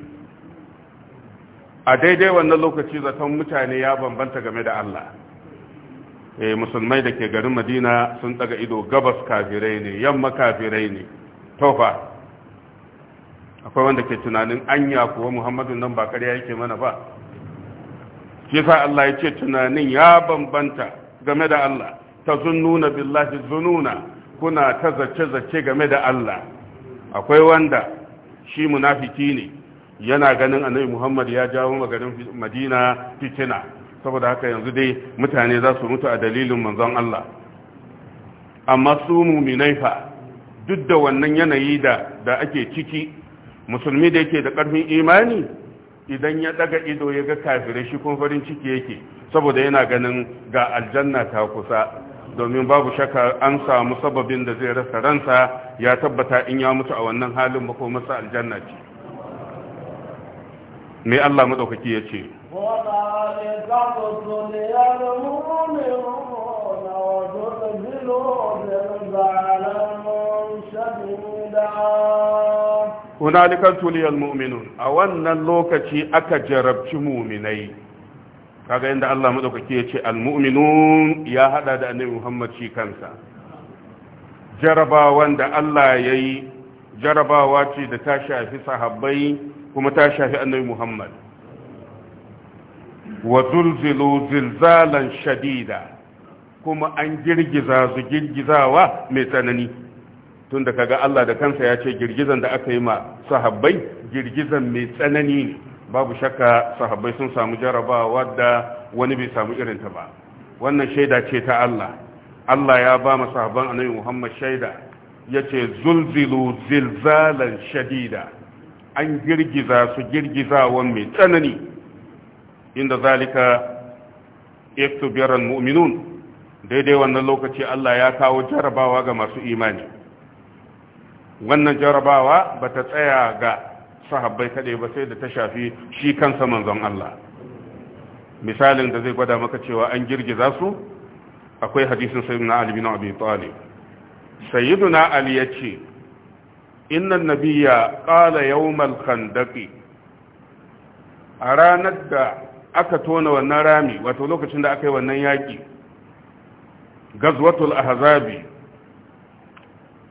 a daidai wannan lokaci zaton mutane ya bambanta game da Allah eh musulmai da ke garin Madina sun daga ido gabas kafirai ne yamma kafirai ne tofa akwai wanda ke tunanin anya kuwa Muhammadu nan ba karya yake mana ba shi sa Allah ya ce tunanin ya bambanta game da Allah tazunnuna billahi zununa kuna ta zace-zace game da Allah akwai wanda shi munafiki ne yana ganin annabi Muhammad ya jawo maganin Madina fitina saboda haka yanzu dai mutane za su mutu a dalilin manzon Allah amma su muminai fa duk da wannan yanayi da da ake ciki musulmi da yake da karfin imani idan ya daga ido ya ga kafirai shi kun farin ciki yake saboda yana ganin ga aljanna ta kusa domin babu shaka an samu sababin da zai rasa ransa ya tabbata in ya mutu a wannan halin ba ko masa aljanna ce me Allah madaukaki ya ce hunalikan tuliyar mu'minun a wannan lokaci aka jarabci muminai kaga inda Allah madaukake ya ce almu'minun ya hada da annabi Muhammad shi kansa jarabawan da Allah ya yi jarabawa ce da ta shafi sahabbai kuma ta shafi annabi Muhammad wa zulzilu zilzalan shadida kuma an girgiza su girgizawa mai tsanani tunda da kaga Allah da kansa ya ce girgizan da aka yi ma sahabbai girgizan mai tsanani ne babu shakka sahabbai sun samu jarabawa wadda wani bai samu irinta ba wannan shaida ce ta Allah Allah ya ba mu annabi Muhammad shaida yace zulzilu zilzalan shadida an girgiza su girgizawan mai tsanani inda zalika biran mu'minun daidai wannan lokaci Allah ya kawo jarabawa ga masu imani wannan jarabawa bata tsaya ga sahabbai kaɗai ba sai da ta shafi shi kansa manzon Allah misalin da zai gwada maka cewa an girgiza su akwai hadisin sayyidina Ali bin Abi Talib sayyiduna Ali yace inna nabiyya qala yawmal khandaqi a ranar da aka tona wannan rami wato lokacin da aka yi wannan yaki gazwatul ahzabi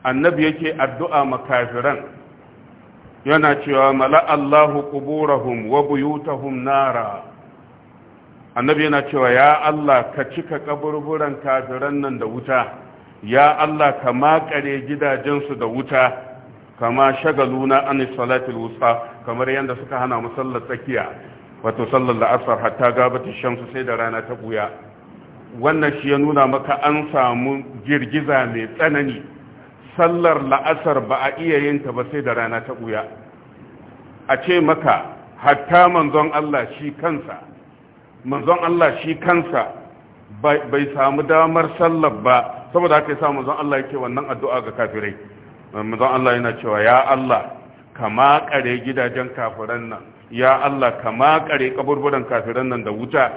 annabi yake addu'a makafiran yana cewa mala Allahu quburahum wa buyutahum nara annabi yana cewa ya Allah ka cika kaburburan kafiran nan da wuta ya Allah ka makare gidajensu da wuta kama shagaluna an salatil wusta kamar yanda suka hana mu sallar tsakiya wato sallar la'asar hatta gabata shamsu sai da rana ta buya wannan shi ya nuna maka an samu girgiza mai tsanani sallar la'asar ba a iya yin ta ba sai da rana ta ɓuya a ce maka hatta manzon Allah shi kansa manzon Allah shi kansa bai samu damar sallar ba saboda haka yasa manzon Allah yake wannan addu'a ga kafirai manzon Allah yana cewa ya Allah kama kare gidajen kafiran nan ya Allah kama kare kaburburan kafiran nan da wuta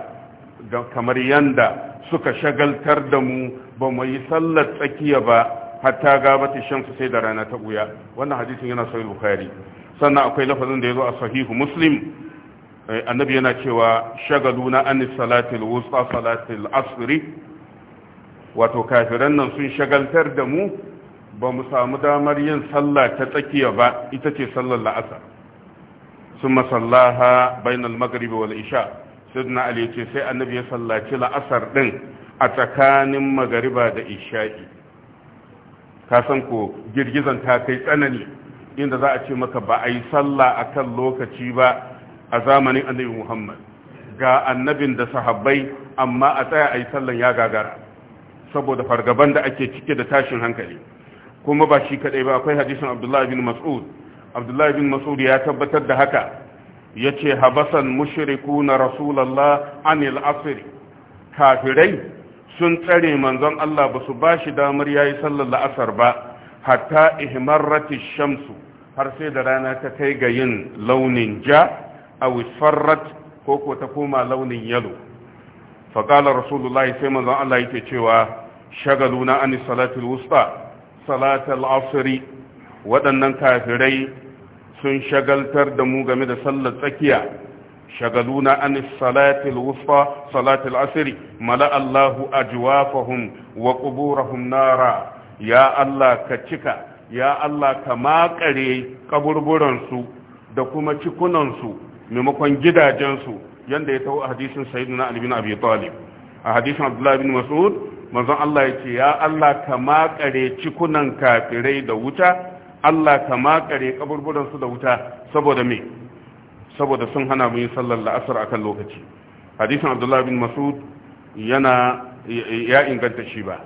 kamar yanda suka shagaltar da mu ba mu yi sallar tsakiya ba hatta gabata shamsu sai da rana ta buya wannan hadisin yana sahih bukhari sannan akwai lafazin da yazo a sahihu muslim eh, annabi yana cewa shagaluna an salatil wusta salatil asri wato kafiran nan sun shagaltar da mu ba mu samu damar yin sallah ta tsakiya ba ita ce sallar la'asar sun masallaha bainal magaribi wal isha sidna ali ce sai annabi ya sallaci la'asar din a tsakanin magariba da isha'i ka san ko girgizan ta kai tsanani inda za a ce maka ba a yi sallah a kan lokaci ba a zamanin annabi muhammad ga annabin da sahabbai amma a tsaya a yi sallan ya gagara saboda fargaban da ake cike da tashin hankali kuma ba shi kadai ba akwai hadisin abdullahi bin mas'ud abdullahi bin mas'ud ya tabbatar da haka ya ce habasan mushriku na rasulallah anil asiri kafirai sun tsare manzon Allah ba su ba shi damar yayi sallar la'asar ba hatta ihmarati shamsu har sai da rana ta kai ga yin launin ja aw farrat ko ko ta koma launin yalo fa rasulullahi sai manzon Allah yake cewa shagaluna an salatul wusta salatul asri waɗannan kafirai sun shagaltar da mu game da sallar tsakiya شغلونا عن الصلاة الوسطى صلاة العصر ملأ الله أجوافهم وقبورهم نارا يا الله كتشكا يا الله كما قري قبربرنسو دكما تشكننسو ممكن جدا جنسو يندي يتو حديث سيدنا علي بن أبي طالب حديث عبد الله بن مسعود manzon Allah ya ce ya Allah ka makare cikunan kafirai da wuta Allah ka makare kaburburansu da wuta saboda me saboda sun hana mu yi sallar la'asar a kan lokaci hadisin abdullahi bin masud yana ya inganta shi ba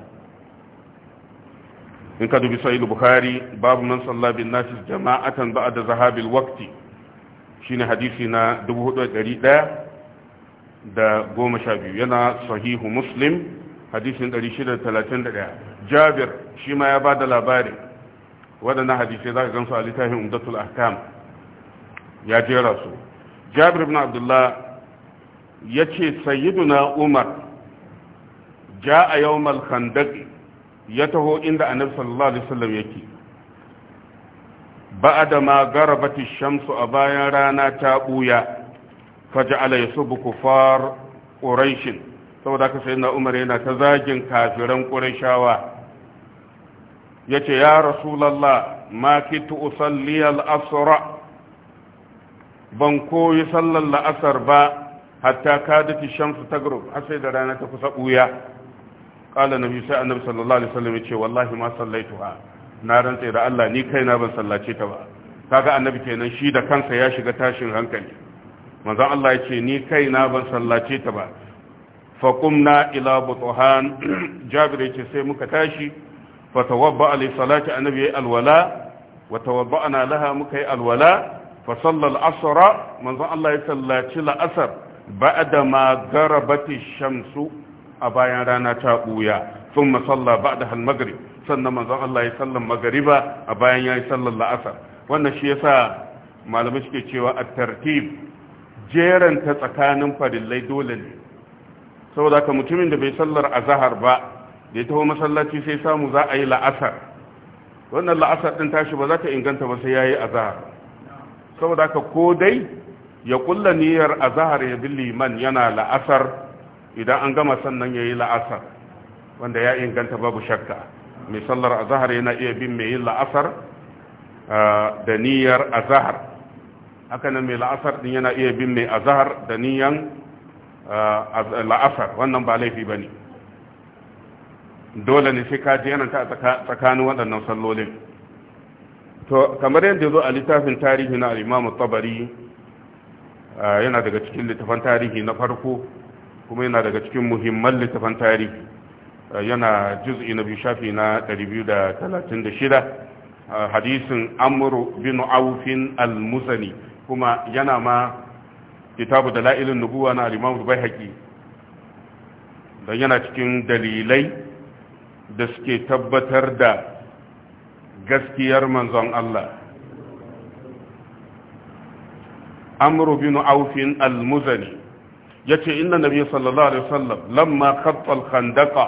in ka dubi sahih bukhari babu man salla bin nas jama'atan da zahabil waqti shine hadisi na 4100 da goma sha biyu yana sahihu muslim hadisin 631 jabir shi ma ya ba da labari waɗannan hadisai za ka gansu a littafin umdatul ahkam ya jera su jabir ibn abdullah ya ce sayyiduna umar ja a yawmal khandaq ya taho inda annabi sallallahu alaihi wasallam yake ba'da ma garabati shamsu a bayan rana ta buya faja yasubu kufar quraish saboda haka na umar yana ta zagin kafiran qurayshawa yace ya rasulullah ma kitu usalli al-asra ban koyi sallar la'asar ba hatta kadati shamsu tagrub har sai da rana ta kusa buya ƙala nabi sai annabi sallallahu alaihi wasallam yace wallahi ma ha na rantsa da Allah ni kaina ban sallace ta ba kaga annabi kenan shi da kansa ya shiga tashin hankali manzon Allah yace ni kaina ban sallace ta ba fa qumna ila butuhan jabir yace sai muka tashi fa tawabba li salati annabi alwala wa tawabba'na laha muka yi alwala fa sallal asra Allah ya sallaci la'asar ba'da ma garabati shamsu a bayan rana ta buya Sun masalla ba'da al maghrib sannan manzon Allah ya magari ba, a bayan yi sallar la'asar wannan shi sa malamai suke cewa a tartib jeran ta tsakanin farillai dole ne saboda ka mutumin da bai sallar azahar ba da ya taho masallaci sai samu za a yi la'asar wannan la'asar din tashi ba za ta inganta ba sai ya yi azahar saboda aka ko dai ya kulla niyyar azahar ya bi liman yana la'asar idan an gama sannan yayi la'asar wanda ya inganta babu shakka mai sallar azhar yana iya bin mai la'asar ah, da niyyar azhar haka mai la'asar din yana iya bin mai azahar da niyyan ah, la'asar wannan ba laifi bane dole ne sai ka ji yana tsakanin waɗannan sallolin to kamar yadda zo a littafin tarihi na al-Imam tabari yana daga cikin littafan tarihi na farko kuma yana daga cikin muhimman littafan tarihi yana juz'i na biyu shafi na 236 hadisin amru bin aufin al-musani kuma yana ma kitabu da la'ilin nubuwa na al-imam bai haƙi don yana cikin dalilai da suke tabbatar da gaskiyar manzon Allah amru bin aufin al-muzani yace inda nabiy sallallahu alaihi wasallam lamma khatta khandaqa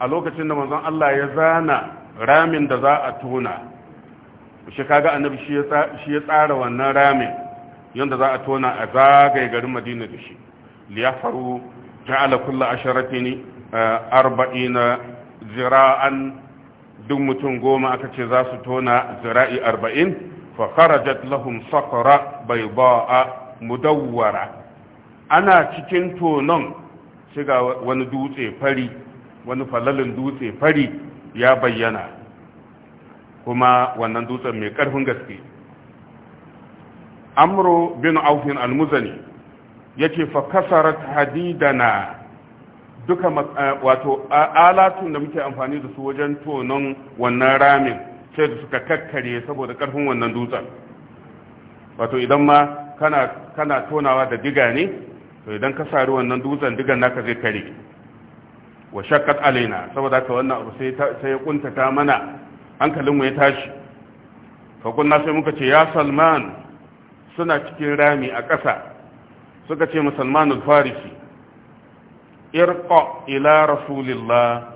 a lokacin da manzon Allah ya zana ramin da za a tona shi kaga annabi shi ya tsara wannan ramin yanda za a tona a zagaye garin Madina da shi liyafaru ja'ala kullu asharatin eh, arba'ina zira'an duk mutum goma aka ce za su tona zira'i arba'in fa kharajat lahum saqra bayda'a mudawwara ana cikin tonon shiga wani dutse fari wani falalin dutse fari ya bayyana kuma wannan dutsen mai karfin gaske amro bin aufin almuzani ya ce fa kasarat hadidana duka eh, wato alatun da muke amfani da su wajen tonon wannan ramin sai da suka kakkare saboda karfin wannan dutsen wato idan ma kana kana tonawa da diga ne to idan ka sari wannan dutsen digan naka zai kare wa shakkat alaina saboda ka wannan abu sai sai ya kuntata mana hankalin mu ya tashi fa sai muka ce ya salman suna cikin rami a ƙasa suka ce musulman al-farisi irqa ila rasulillah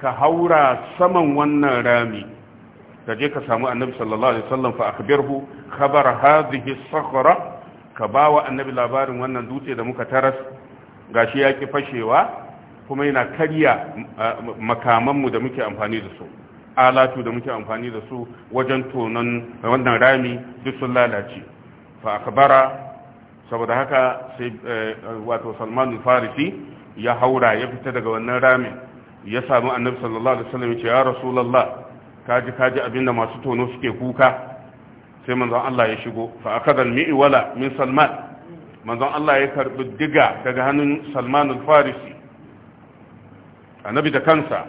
ka haura saman wannan rami ka je ka samu annabi sallallahu alaihi wasallam fa akhbirhu khabar hadhihi sakhra ka bawa annabi labarin wannan dutse da muka taras gashi ya fashewa kuma yana karya makamanmu da muke amfani da su alatu da muke amfani da su wajen tonon wannan rami duk sun lalace fa akbara saboda haka sai eh, wato Salman al-Farisi ya haura ya fita daga wannan ramin ya samu annabi sallallahu alaihi wasallam ya ce ya rasulullah kaji kaji abinda masu tono suke kuka sai manzon Allah ya shigo fa akada al-mi'wala min salman manzon Allah ya karbi diga daga hannun salman al-farisi annabi da kansa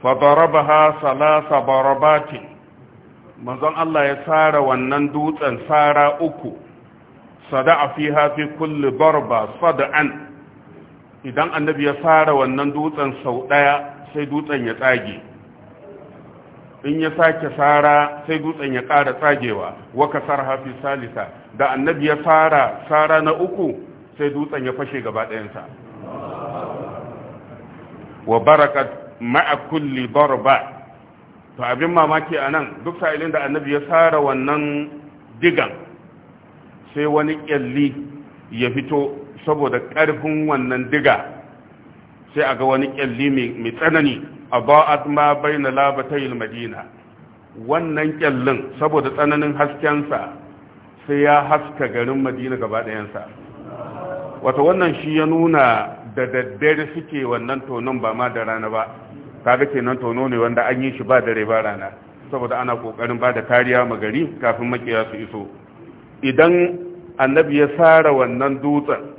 fa darabaha salasa barabatin manzon Allah ya tsara wannan dutsen tsara uku sada'a fiha fi kulli darba sada'an idan annabi ya fara wannan dutsen sau ɗaya sai dutsen ya tsage in ya sake sara sai dutsen ya ƙara tsagewa waka hafi salisa da annabi ya fara sara na uku sai dutsen ya fashe gaba ɗayansa wa barakat ma'a kulli barba to abin mamaki a nan duk sa'ilin da annabi ya fara wannan digan sai wani ƙyalli ya fito saboda ƙarfin wannan diga sai a ga wani ƙyalli mai tsanani a ba'at ma bai na madina wannan ƙyallin saboda tsananin haskensa sai ya haska garin madina gaba ɗayansa wata wannan shi ya nuna da daddare suke wannan tonon ba ma da rana ba kaga kenan tono ne wanda an yi shi ba dare ba rana saboda ana kokarin ba da kariya ma gari kafin makiya su iso idan annabi ya sara wannan dutsen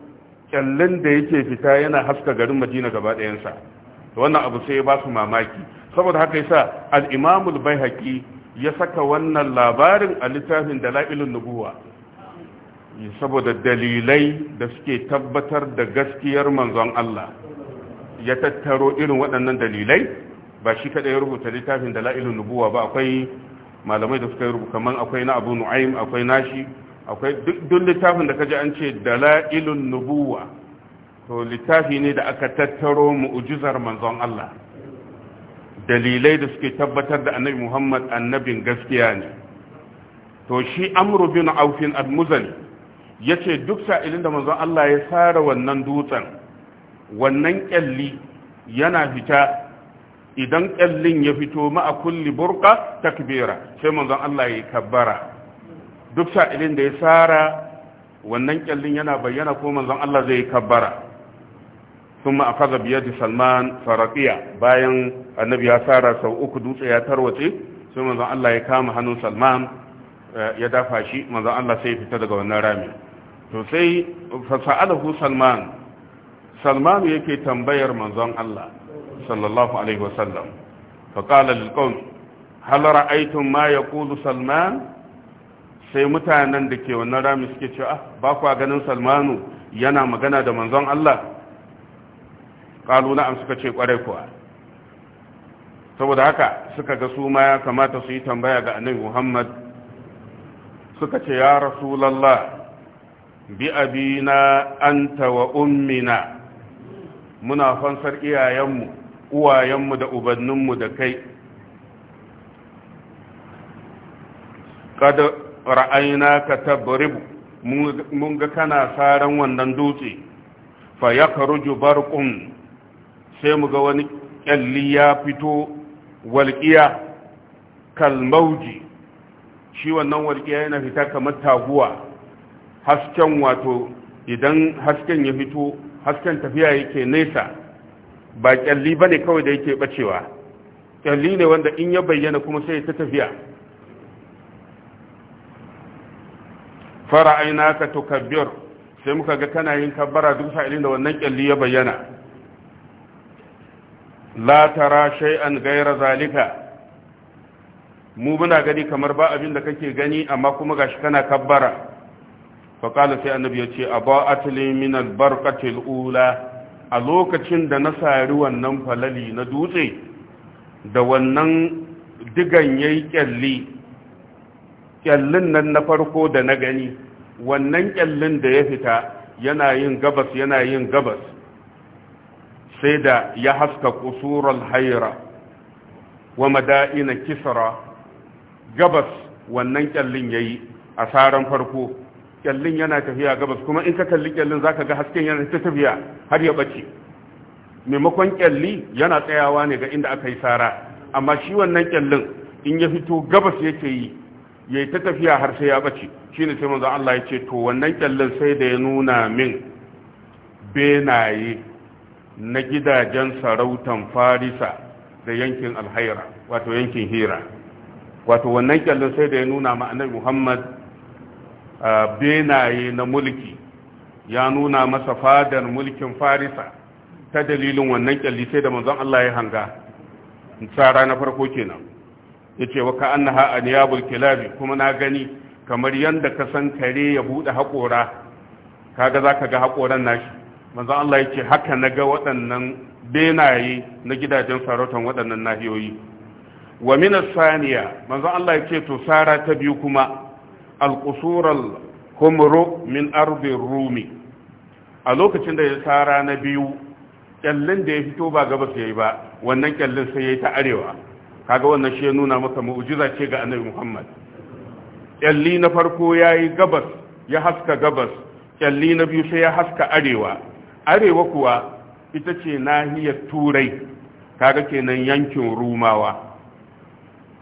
kyallin da yake fita yana haska garin madina gaba ɗayansa wannan abu sai ya ba su mamaki saboda haka yasa al-imamul baihaqi ya saka wannan labarin a littafin dalailun nubuwa saboda dalilai da suke tabbatar da gaskiyar manzon Allah ya tattaro irin waɗannan dalilai ba shi kaɗai ya rubuta littafin dalailun nubuwa ba akwai malamai da suka rubuta kaman akwai na Abu nu'aim akwai nashi akwai duk littafin da kaji an ce dala'ilun nubuwa to littafi ne da aka tattaro mu'ujizar manzon Allah dalilai da suke tabbatar da annabi Muhammad annabin gaskiya ne to shi amru bin aufin al-muzali yace duk sa'ilin da manzon Allah ya fara wannan dutsen wannan kyalli yana fita idan kyallin ya fito ma'a kulli burqa takbira sai manzon Allah ya kabbara duk sa'ilin da ya sara wannan kyallin yana bayyana ko manzon Allah zai kabbara sun akaza bi da Salman faraƙiya bayan annabi ya sara sau uku dutse ya tarwatse sun manzon Allah ya kama hannun Salman eh, ya dafa shi manzon Allah sai ya fita daga wannan rami to sai fasa'alahu Salman Salman yake tambayar manzon Allah sallallahu alaihi wasallam fa hal ra'aytum ma yaqulu Salman sai mutanen da ke wannan rami suke ce ah ba kuwa ganin salmanu yana magana da manzon Allah kalu na'am suka ce ƙwarai kuwa saboda haka suka ga su ma ya kamata su yi tambaya ga annabi Muhammad suka ce ya rasulullah bi abina anta wa ummina muna fansar iyayenmu uwayenmu da ubanninmu da kai ra'ayna ka tabrib mun ga kana saran wannan dutse fa ya yakhruju barqun sai mu ga wani kyalli ya fito walqiya kal shi wannan walqiya yana fita kamar taguwa hasken wato idan hasken ya fito hasken tafiya yake nesa ba kyalli bane kawai da yake bacewa kyalli ne wanda in ya bayyana kuma sai ta tafiya fara'aina ka kabir sai muka ga kana yin kabbara duk sa'ilin da wannan kyalli ya bayyana la tara shay'an ghayra zalika mu muna gani kamar ba abin da kake gani amma kuma gashi kana kabbara fa qala sai annabi ya ce aba'at li min al-barqati al-ula a lokacin da na sari wannan falali na dutse da wannan digan yayi kyalli kyallin nan na farko da na gani wannan kyallin da ya fita yana yin gabas yana yin gabas sai da ya haska kusurar haira wa mada'ina kisra gabas wannan kyallin ya yi a tsaron farko kyallin yana tafiya gabas kuma in ka kalli kyallin za ka ga hasken yana ta tafiya har ya bace maimakon kyalli yana tsayawa ne ga inda aka yi tsara amma shi wannan kyallin in ya fito gabas yake yi yayi ta tafiya har sai ya bace shine sai manzo Allah ya ce to wannan kyallan sai da ya nuna min benaye na gidajen sarautan farisa da yankin alhaira wato yankin hira wato wannan kyallon sai da ya nuna ma annabi muhammad benaye na mulki ya nuna masa fadar mulkin farisa ta dalilin wannan kyalli sai da manzon allah ya hanga tsara na farko kenan yace wa ka annaha aniyabul kilabi kuma na gani kamar yadda ka san kare ya bude haƙora kaga zaka ga haƙoran nashi manzo Allah yace haka naga waɗannan benaye na gidajen sarautan waɗannan nahiyoyi wa min saniya manzo Allah yace to sara ta biyu kuma al-qusur min ardi rumi a lokacin da ya sara na biyu kyallin da ya fito ba gabas yayi ba wannan kyallin sai yayi ta arewa kaga wannan shi ya nuna maka mu'jiza ce ga annabi Muhammad kyalli na farko yayi gabas ya haska gabas kyalli na biyu sai ya haska arewa arewa kuwa ita ce nahiyar turai kaga kenan yankin rumawa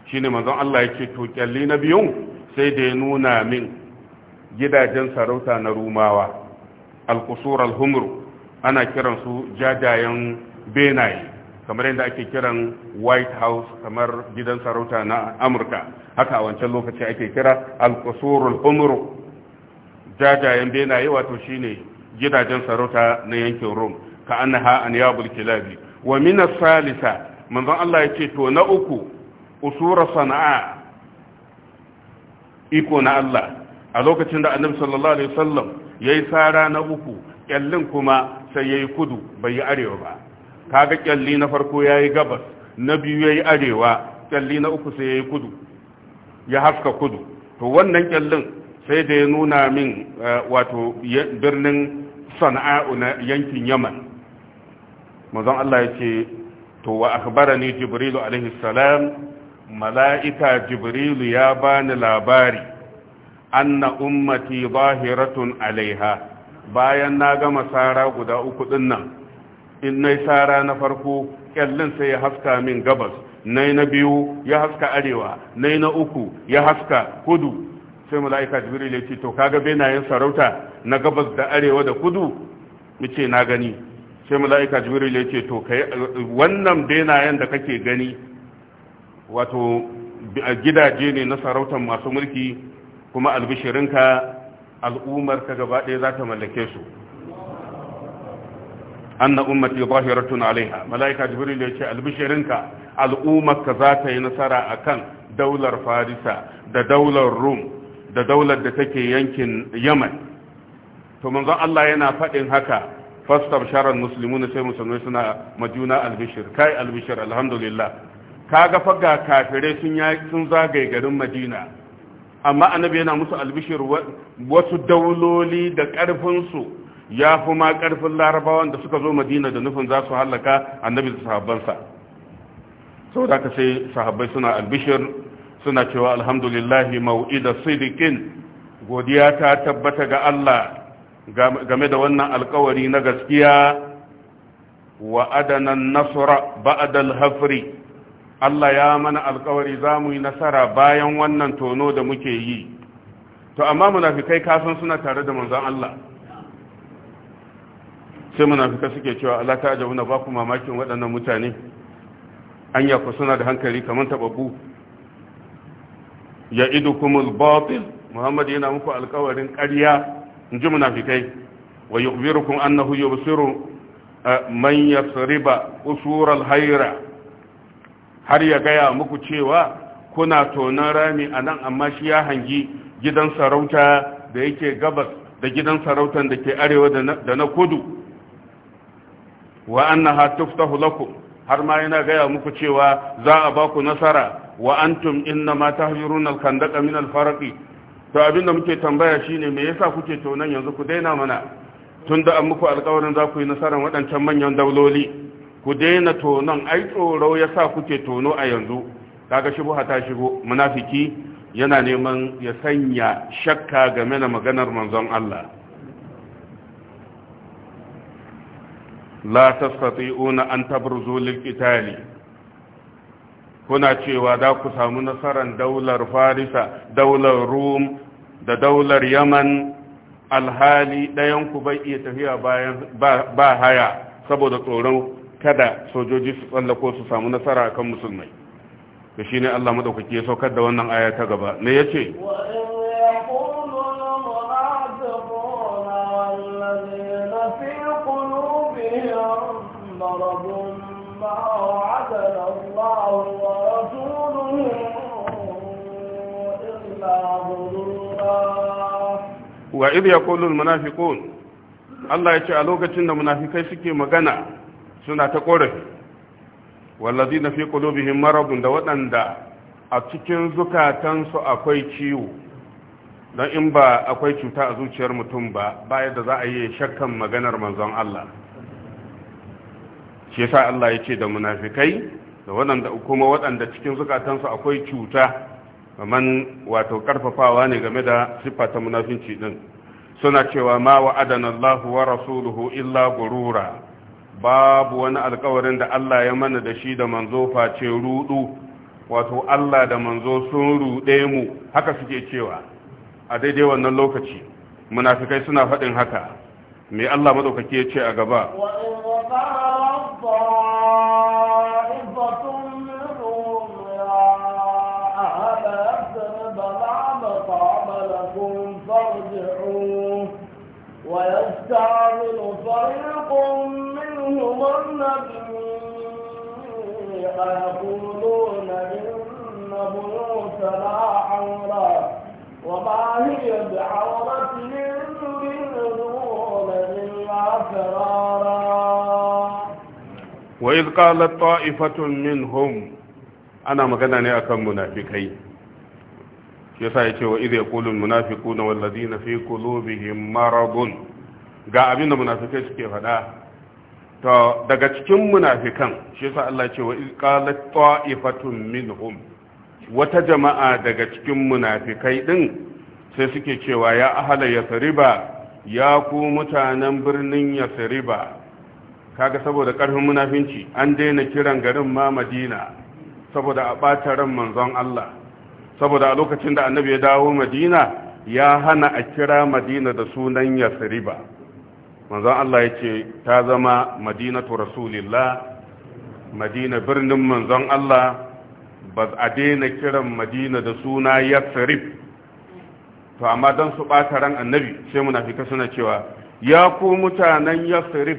shine manzon Allah yake to kyalli na biyu sai da ya nuna min gidajen sarauta na rumawa al-qusur al-humr ana kiransu jajayen benaye kamar yadda ake kiran white house kamar gidan sarauta na amurka haka a wancan lokaci ake kira alkusurul umru jajayen benaye wato shine gidajen sarauta na yankin rum ka annaha an yabul kilabi wa min salisa manzon Allah yace to na uku usura sana'a iko na Allah a lokacin da annabi sallallahu alaihi wasallam yayi sara na uku kyallin kuma sai yayi kudu bai yi arewa ba kaga kyalli na farko yayi gabas na biyu yayi arewa kyalli na uku sai yayi kudu ya haska kudu to wannan kyallin sai da ya nuna min eh, wato birnin sana'a na yankin yaman mazan Allah ya ce to wa akhbarani jibrilu alaihi salam mala'ika jibrilu ya bani labari anna ummati zahiratun alaiha bayan na gama sara guda uku dinnan in nai sara na farko kyallin sai ya haska min gabas nai na biyu ya haska arewa nai na uku ya haska kudu sai mala'ika jibril ya ce to kaga benayen sarauta na gabas da arewa da kudu muke na gani sai mala'ika jibril ya ce to kai wannan benayen da kake gani wato gidaje ne na sarautar masu mulki kuma albishirinka al'ummar ka gaba ɗaya za ta mallake su anna ummati zahiratun alaiha malaika jibril yace albishirinka ka za ta yi nasara akan daular farisa da daular rum da daular da take yankin yaman to manzo Allah yana faɗin haka fastabshara muslimuna sai musulmai suna majuna albishir kai albishir alhamdulillah kaga fa ga kafirai sun sun zagaye garin Madina amma annabi yana musu albishir wasu dauloli da karfin su ya fi ma ƙarfin larabawan da suka zo madina da nufin za su hallaka annabi da sahabbansa sau da ka sai sahabbai suna albishir suna cewa alhamdulillahi mau'ida sidikin godiya ta tabbata ga Allah game da wannan alkawari na gaskiya wa adanan nasara ba'adal hafri Allah ya mana alkawari za mu yi nasara bayan wannan tono da muke yi to amma munafikai kasan suna tare da manzon Allah sai munafika suke cewa Allah ta na baku mamakin waɗannan mutane anya ku suna da hankali kamar taɓaɓu ya kuma batil Muhammadu yana muku alkawarin ƙarya in ji munafikai wa an yukhbirukum annahu yubsiru eh, man yasriba usural haira har ya gaya muku cewa kuna tonon rami a nan amma shi ya hangi gidan sarauta da yake gabas da gidan sarautar da ke arewa da na kudu wa annaha tuftahu lakum har ma yana gaya muku cewa za a ba ku nasara wa antum inna ma tahjuruna al-kandaqa min al-farqi to abinda muke tambaya shine me yasa kuke to nan yanzu ku daina mana tunda an muku alƙawarin za ku yi nasarar waɗancan manyan dauloli ku daina tonon ai tsoro yasa kuke tono a yanzu kaga buha ta shigo munafiki yana neman ya sanya shakka game da maganar manzon Allah la tastati'una an tabruzu lil kuna cewa za ku samu nasarar daular farisa daular rum da daular yaman alhali ɗayanku bai iya tafiya ba haya saboda tsoron kada sojoji su tsallako su samu nasara kan musulmai da shi ne allah maɗaukaki ya saukar da wannan aya ta gaba ne ya ce مرض ما وعدنا الله ورسوله إلا غرورا يقول المنافقون Allah ya ce a lokacin da munafikai suke magana suna ta ƙorafi wallazi na fi ƙulubihin marabun da waɗanda a cikin zukatansu akwai ciwo don in ba akwai cuta a zuciyar mutum ba baya da za a yi shakkan maganar manzon Allah shi yasa Allah ya ce da munafikai da waɗanda kuma waɗanda cikin zukatansu akwai cuta man wato karfafawa ne game da siffa ta munafinci din suna cewa ma wa'adana Allah wa rasuluhu illa gurura babu wani alkawarin da Allah ya mana da shi da manzo face rudu wato Allah da manzo sun rude mu haka suke cewa a daidai wannan lokaci munafikai suna faɗin haka me Allah madaukaki ya ce a gaba ويستعمل فريق منهم فيقولون إن بيوتنا عورة وما هي بعورة من Wa فرارا وإذ قالت ana magana ne مغنى أكم منافقين yasa ya ce wa idh yaqulu almunafiquna walladhina fi qulubihim maradun ga abinda munafikai suke fada to daga cikin munafikan shi yasa Allah ya ce wa idh qalat ta'ifatun minhum wata jama'a daga cikin munafikai din sai suke cewa ya ahala yasriba ya ku mutanen birnin yasriba kaga saboda karfin munafinci an daina kiran garin ma madina saboda a ɓata ran manzon Allah saboda a lokacin da annabi ya dawo madina ya hana a kira madina da sunan yasriba manzon Allah ya ce ta zama madinatu rasulillah madina birnin manzon Allah ba a daina kiran madina da suna yasrib to amma don su ɓata ran annabi sai munafika suna cewa ya ku mutanen yasrib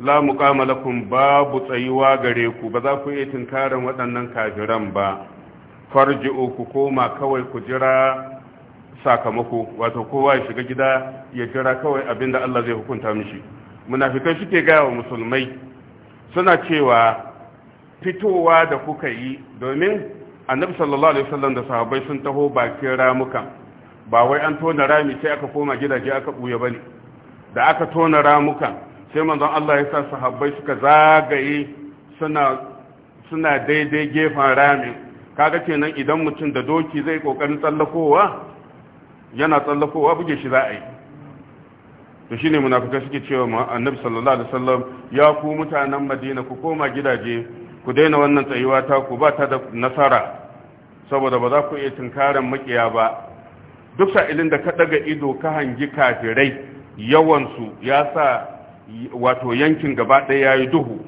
la muqama lakum babu tsayuwa gare ku ba za ku iya tinkarin waɗannan kafiran ba farji'u ku koma kawai ku jira sakamako wato kowa ya shiga gida ya jira kawai abinda Allah zai hukunta mishi munafikai suke gaya wa musulmai suna cewa fitowa da kuka yi domin annabi sallallahu alaihi wasallam da sahabbai sun taho bakin ramukan ba wai an tona rami sai aka koma gidaje aka buya bane da aka tona ramukan sai manzon Allah ya sa sahabbai suka zagaye suna suna daidai gefen rami kaga kenan idan mutum da doki zai kokarin tsallakowa yana tsallakowa buge shi za a yi to shine munafikai suke cewa annabi sallallahu alaihi wasallam ya ku mutanen madina ku koma gidaje ku daina wannan tsayuwa ta ku ba ta da nasara saboda ba za ku iya tunkaran makiya ba duk sa'ilin da ka daga ido ka hangi kafirai yawansu ya sa wato yankin gaba ɗaya ya yi duhu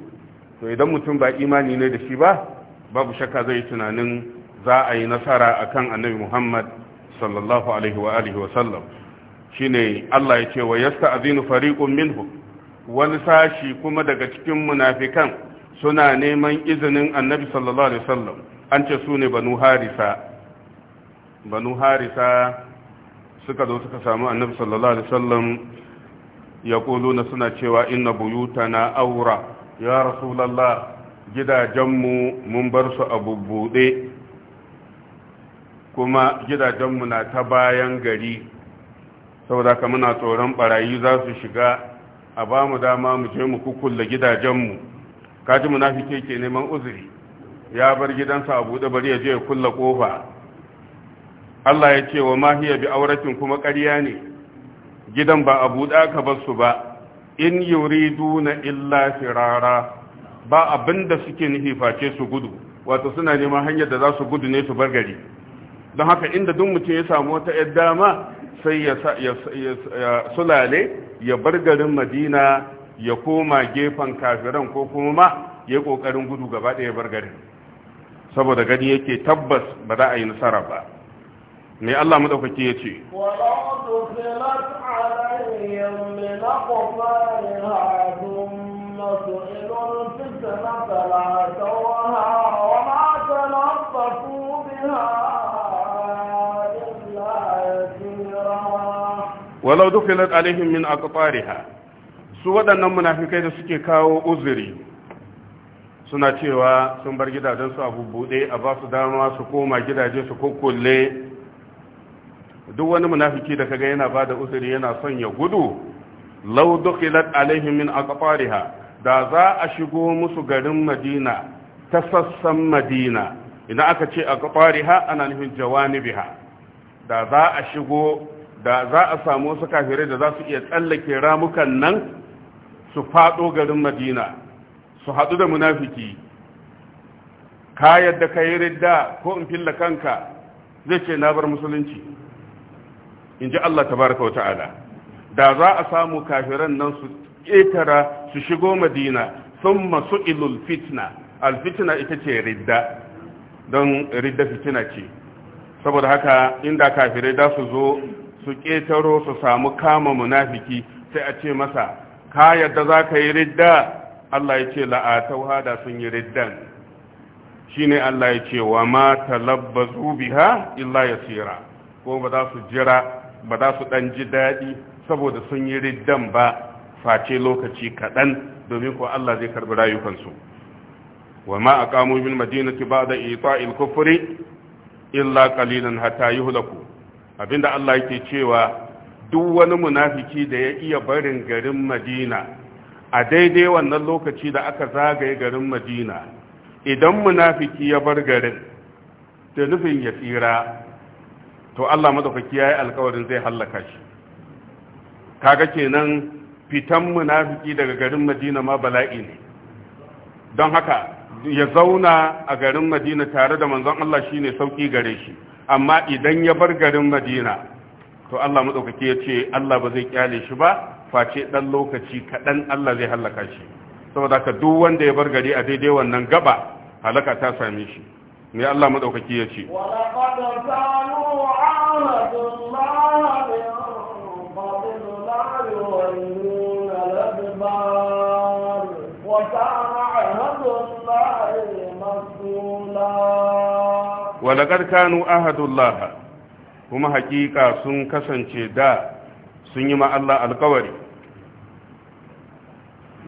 to idan mutum ba imani ne da shi ba babu shakka zai tunanin za a yi nasara akan annabi muhammad sallallahu alaihi wa alihi wa sallam shine Allah ya ce wa yasta'zinu fariqun minhu wani sashi kuma daga cikin munafikan suna neman izinin annabi sallallahu alaihi wasallam an ce su ne banu harisa banu harisa suka zo suka samu annabi sallallahu alaihi wasallam ya na suna cewa inna buyutana aura ya rasulallah gidajenmu mun bar su a bubbuɗe kuma gidajenmu na ta bayan gari saboda ka muna tsoron barayi za su shiga a ba mu dama mu je mu kukkulla gidajenmu kaji munafike ke neman uzuri ya bar gidansa a buɗe bari ya je ya kulla kofa Allah ya ce wa mahiya bi auratin kuma ƙarya ne gidan ba a buɗa ka ba su ba in yuriduna illa firara ba abin da suke nufi face su gudu wato suna neman hanyar da za su gudu ne su bar gari don haka inda duk mutum ya samu wata yar dama sai ya sulale ya bar garin madina ya koma gefen kafiran ko kuma ma ya ƙoƙarin gudu gaba ɗaya bar garin saboda gani yake tabbas ba za a yi nasara ba ne Allah madaukaki ya ce walau dukilat alaihim min aqtariha su waɗannan munafikai da suke kawo uzuri suna cewa sun bar gidajensu a buɗe, a ba su dama su koma gidaje su kukkulle duk wani munafiki da kaga yana bada uzuri yana son ya gudu law dukhilat alaihim min aqfariha da za a shigo musu garin Madina ta sassan Madina ina aka ce aqfariha ana nufin jawanibiha da za a shigo da za a samu wasu kafirai da za su iya tsallake ramukan nan su fado garin Madina su haɗu da munafiki ka yadda ka yi ridda ko in filla kanka zai ce na bar musulunci in ji Allah tabaraka wa ta'ala da za a samu kafiran nan su ƙetara su shigo madina sun masu ilul fitna alfitna ita ce ridda don ridda fitina ce saboda haka inda kafirai da su zo su ƙetaro su samu kama munafiki sai a ce masa ka yadda za ka yi ridda Allah ya ce la'atau da sun yi riddan shine Allah ya ce wa ma talabbazu biha illa yasira ko ba za su jira ba za su dan ji daɗi saboda sun yi riddan ba face lokaci kaɗan domin ko Allah zai karɓi rayukansu wa ma aqamu bil madinati ba'da ita'il kufri illa qalilan hatta yuhlaku abinda Allah yake cewa duk wani munafiki da ya iya barin garin Madina a daidai wannan lokaci da aka zagaye garin Madina idan munafiki ya bar garin da nufin ya tsira to Allah madaukaki yayi alƙawarin zai hallaka shi kaga kenan fitan munafiki daga garin Madina ma bala'i ne don haka ya zauna a garin Madina tare da manzon Allah shine sauki gare shi amma idan ya bar garin Madina to Allah madaukaki ya ce Allah ba zai kyale shi ba face dan lokaci kaɗan Allah zai hallaka shi saboda ka duk wanda ya bar gari a daidai wannan gaba halaka ta same shi me Allah madaukaki ya ce ورثوا kanu من قبل kuma hakika sun kasance da sun yi ma Allah alkawari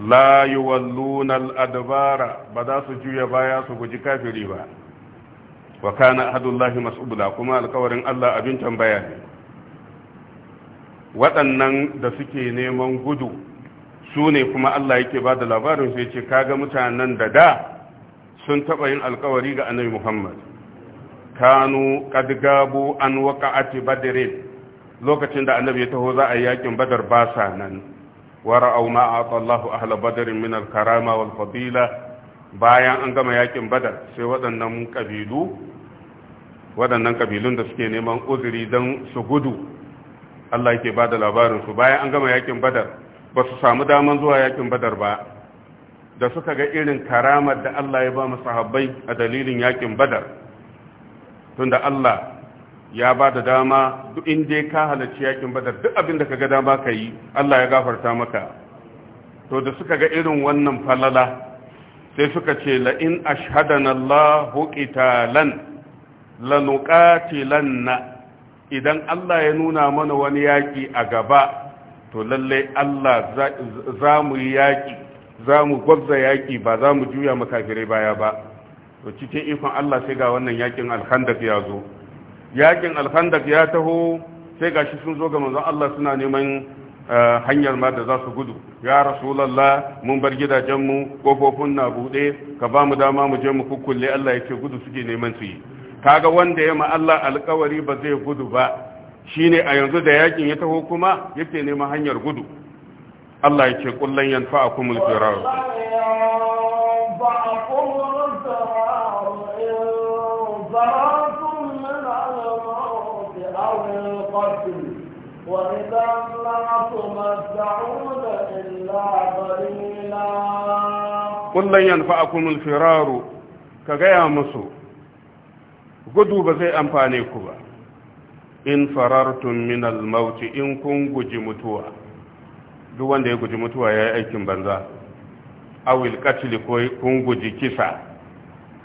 la yuwalluna al-adbara ba za su juya baya su guji kafiri ba wa kana ahadullahi mas'ula kuma alkawarin Allah abin tambaya ne waɗannan da suke neman gudu su ne kuma Allah yake ba da labarin sai ce kaga mutanen da da sun taɓa yin alkawari ga annabi Muhammad kanu qad gabu an waqa'ati badr lokacin da annabi ya taho za a yakin badar ba sa nan wa ma ata Allahu ahla badr min al-karama wal fadila bayan an gama yakin badar sai waɗannan ƙabilu waɗannan ƙabilun da suke neman uzuri don su gudu Allah yake ba da labarinsu bayan an gama yakin badar ba su samu daman zuwa yakin badar ba da suka ga irin karamar da Allah ya ba sahabbai a dalilin yakin badar tunda Allah ya ba da dama duk inda ka halarci yakin badar duk abin da ka ga dama ka yi Allah ya gafarta maka to da suka ga irin wannan falala sai suka ce la'in ashadana Allahu qitalan lanuqatilanna idan Allah ya nuna mana wani yaƙi a gaba to lalle Allah za mu yi yaki za mu gwabza yaƙi ba za mu juya makafirai baya ba to cikin ikon Allah sai ga wannan yakin alkhandaq ya zo yakin alkhandaq ya taho sai ga shi sun zo ga manzon Allah suna neman Eh, hanyar ma da za su gudu ya rasulallah mun bar gidajenmu kofofin na bude ka ba mu dama mu je mu kukkulle Allah ya ce gudu suke neman su yi kaga wanda ya ma Allah alkawari ba zai gudu ba shine a yanzu da yakin ya taho kuma yake neman hanyar gudu Allah yake ce kullan yanfa'akumul firar وإذا لا تمتعون إلا قليلا قل لن ينفعكم الفرار كغيا مسو gudu ba zai amfane ku ba in farartun min almauti in kun guji mutuwa duk wanda ya guji mutuwa ya yi aikin banza awil katili ko kun guji kisa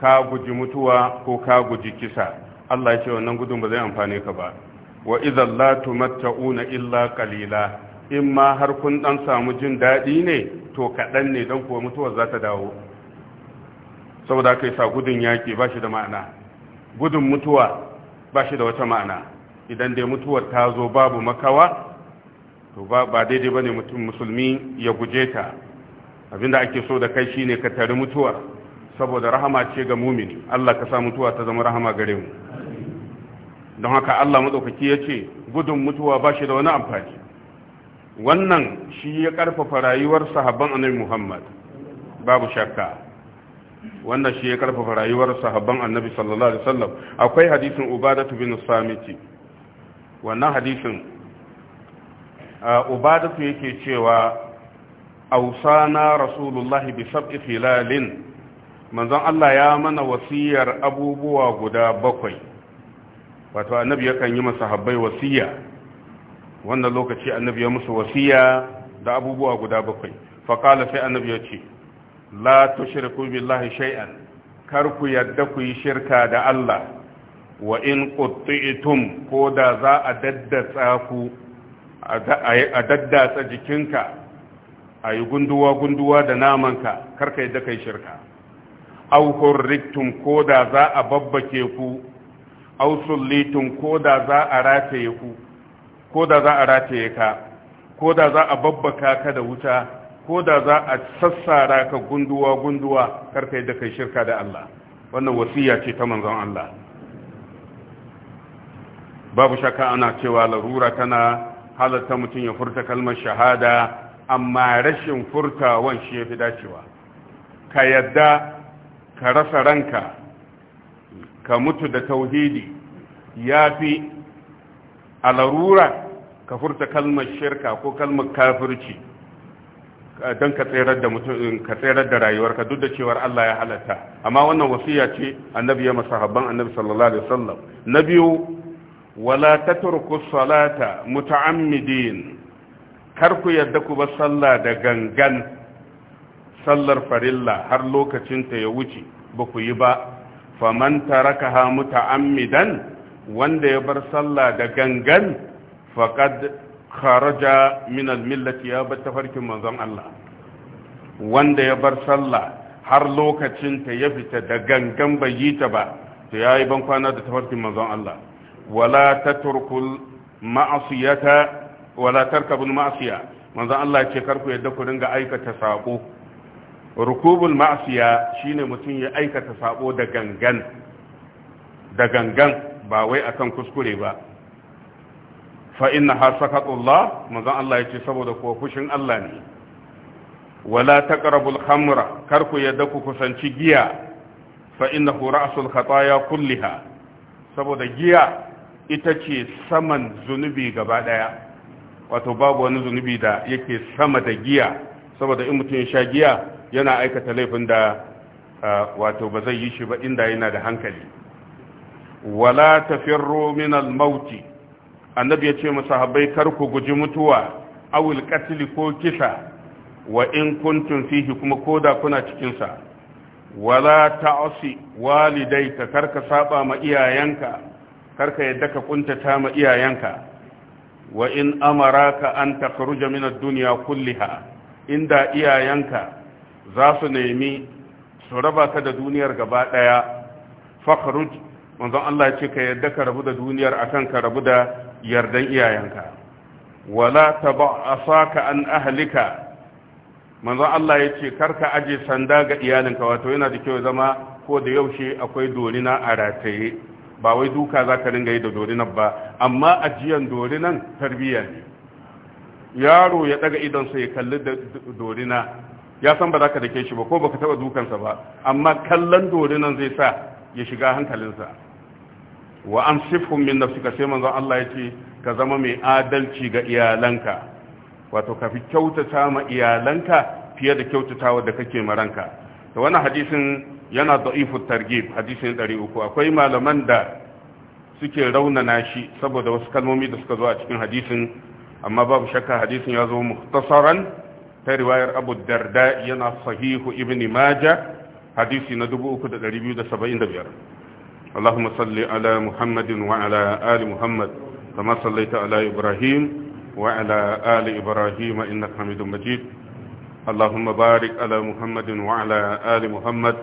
ka guji mutuwa ko ka guji kisa Allah ya ce wannan gudun ba zai amfane ka ba wa idan la tumatta'una illa kalila in ma har kun dan samu jin dadi ne to kadan ne dan kuwa mutuwar za ta dawo saboda kai sa gudun yaki ba da ma'ana gudun mutuwa ba da wata ma'ana idan dai mutuwar ta zo babu makawa to ba daidai bane mutum musulmi ya guje ta abinda ake so da kai shine ka tari mutuwa saboda rahama ce ga mumini Allah ka sa mutuwa ta zama rahama gare mu don haka Allah madaukaki ya ce gudun mutuwa ba shi da wani amfani wannan shi ya karfafa rayuwar sahabban annabi Muhammad babu shakka wannan shi ya karfafa rayuwar sahabban annabi sallallahu alaihi wasallam akwai hadisin ubadatu bin samiti wannan hadisin ubadatu yake cewa ausana rasulullahi bi sab'i filalin manzon Allah ya mana wasiyar abubuwa guda bakwai wato annabi yakan yi masahabbai wasiya wannan lokaci annabi ya musu wasiya da abubuwa guda bakwai faƙala sai annabi ya ce la tushriku billahi shay'an kar ku yadda ku yi shirka da Allah wa in qutitum ko da za a daddatsa ku a daddatsa jikinka a yi gunduwa gunduwa da namanka kar ka yadda kai shirka aw hurriktum ko da za a babbake ku Ausul sullitun ko da za a rataye ku ko da za a rataye ka ko da za a babbaka ka da wuta ko da za a sassara ka gunduwa gunduwa karka da kai shirka da Allah wannan wasiya ce ta manzon Allah babu shakka ana cewa larura tana halatta mutum ya furta kalmar shahada amma rashin furtawan shi ya fi dacewa ka yadda ka rasa ranka ka mutu da tauhidi ya fi a larura ka furta kalmar shirka ko kalmar kafirci don ka tserar da mutum ka tserar da rayuwarka duk da cewar Allah ya halatta amma wannan wasiya ce annabi ya masahabban annabi sallallahu alaihi wasallam na biyu wala tatruku salata muta'ammidin kar ku yadda ku bar sallah da gangan sallar farilla har lokacin ta ya wuce ba ku yi ba faman tarakaha muta'ammidan wanda ya bar sallah da gangan faqad kharaja min al-millati ya bar tafarkin manzon Allah wanda ya bar sallah har lokacin ta ya fita da gangan bai yi ta ba to yayi ban kwana da tafarkin manzon Allah wala tatrukul ma'asiyata wala tarkabul manzon Allah ya ce karku yadda ku ringa aikata sako rukubul ma'asiya shine mutum ya aikata sabo da gangan da gangan ba wai akan kuskure ba fa inna ha sakatullah manzon Allah yace saboda ko fushin Allah ne wala taqrabul khamra kar ku yadda ku kusanci giya fa innahu ra'sul khataya kulliha saboda giya ita ce saman zunubi gaba daya wato babu wani zunubi da yake sama da giya saboda in mutum ya sha giya yana aikata laifin da wato ba zai yi shi ba inda yana da hankali wala tafirru min mauti annabi ya ce masahabbai kar ku guji mutuwa awil qatl ko kisa wa in kuntum fihi kuma koda kuna cikin sa wala ta'asi walidayka karka saba ma iyayenka karka yadda ka kuntata ma iyayenka wa in amaraka an takhruja min ad-dunya kulliha inda iyayenka za su nemi su raba ka da duniyar gaba ɗaya fakhruj manzon Allah ce ka yarda ka rabu da duniyar akan ka rabu da yardan iyayenka wala ta a sa-ka an ahalika. manzon Allah ya ce karka aje sanda ga iyalinka wato yana da kyau zama ko da yaushe akwai dorina a rataye ba wai duka za ka ringa yi da dorinan ba amma ajiyan dorinan tarbiyya ne yaro ya daga idan sai ya kalli da dorina ya san ba za ka dake shi ba ko baka taba dukansa ba amma kallon nan zai sa ya shiga hankalinsa wa an sifu min ka sai manzon Allah ya ce ka zama mai adalci ga iyalanka wato ka fi kyautata ma iyalanka fiye da kyautatawa da kake maranka to wannan hadisin yana da'ifu targhib hadisin uku akwai malaman da suke raunana shi saboda wasu kalmomi da suka zo a cikin hadisin amma babu shakka hadisin ya zo muhtasaran ta riwayar abu darda yana sahihu ibn maja hadisi na 3275 Allahumma salli ala muhammadin wa ala ali muhammad kama sallaita ala ibrahim wa ala ali ibrahim innaka hamidum majid Allahumma barik ala muhammadin wa ali muhammad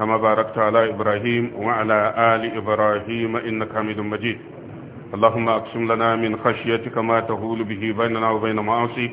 kama barakta ala ibrahim wa ali ibrahim innaka hamidum majid اللهم اقسم لنا من خشيتك ما تهول به بيننا وبين معاصيك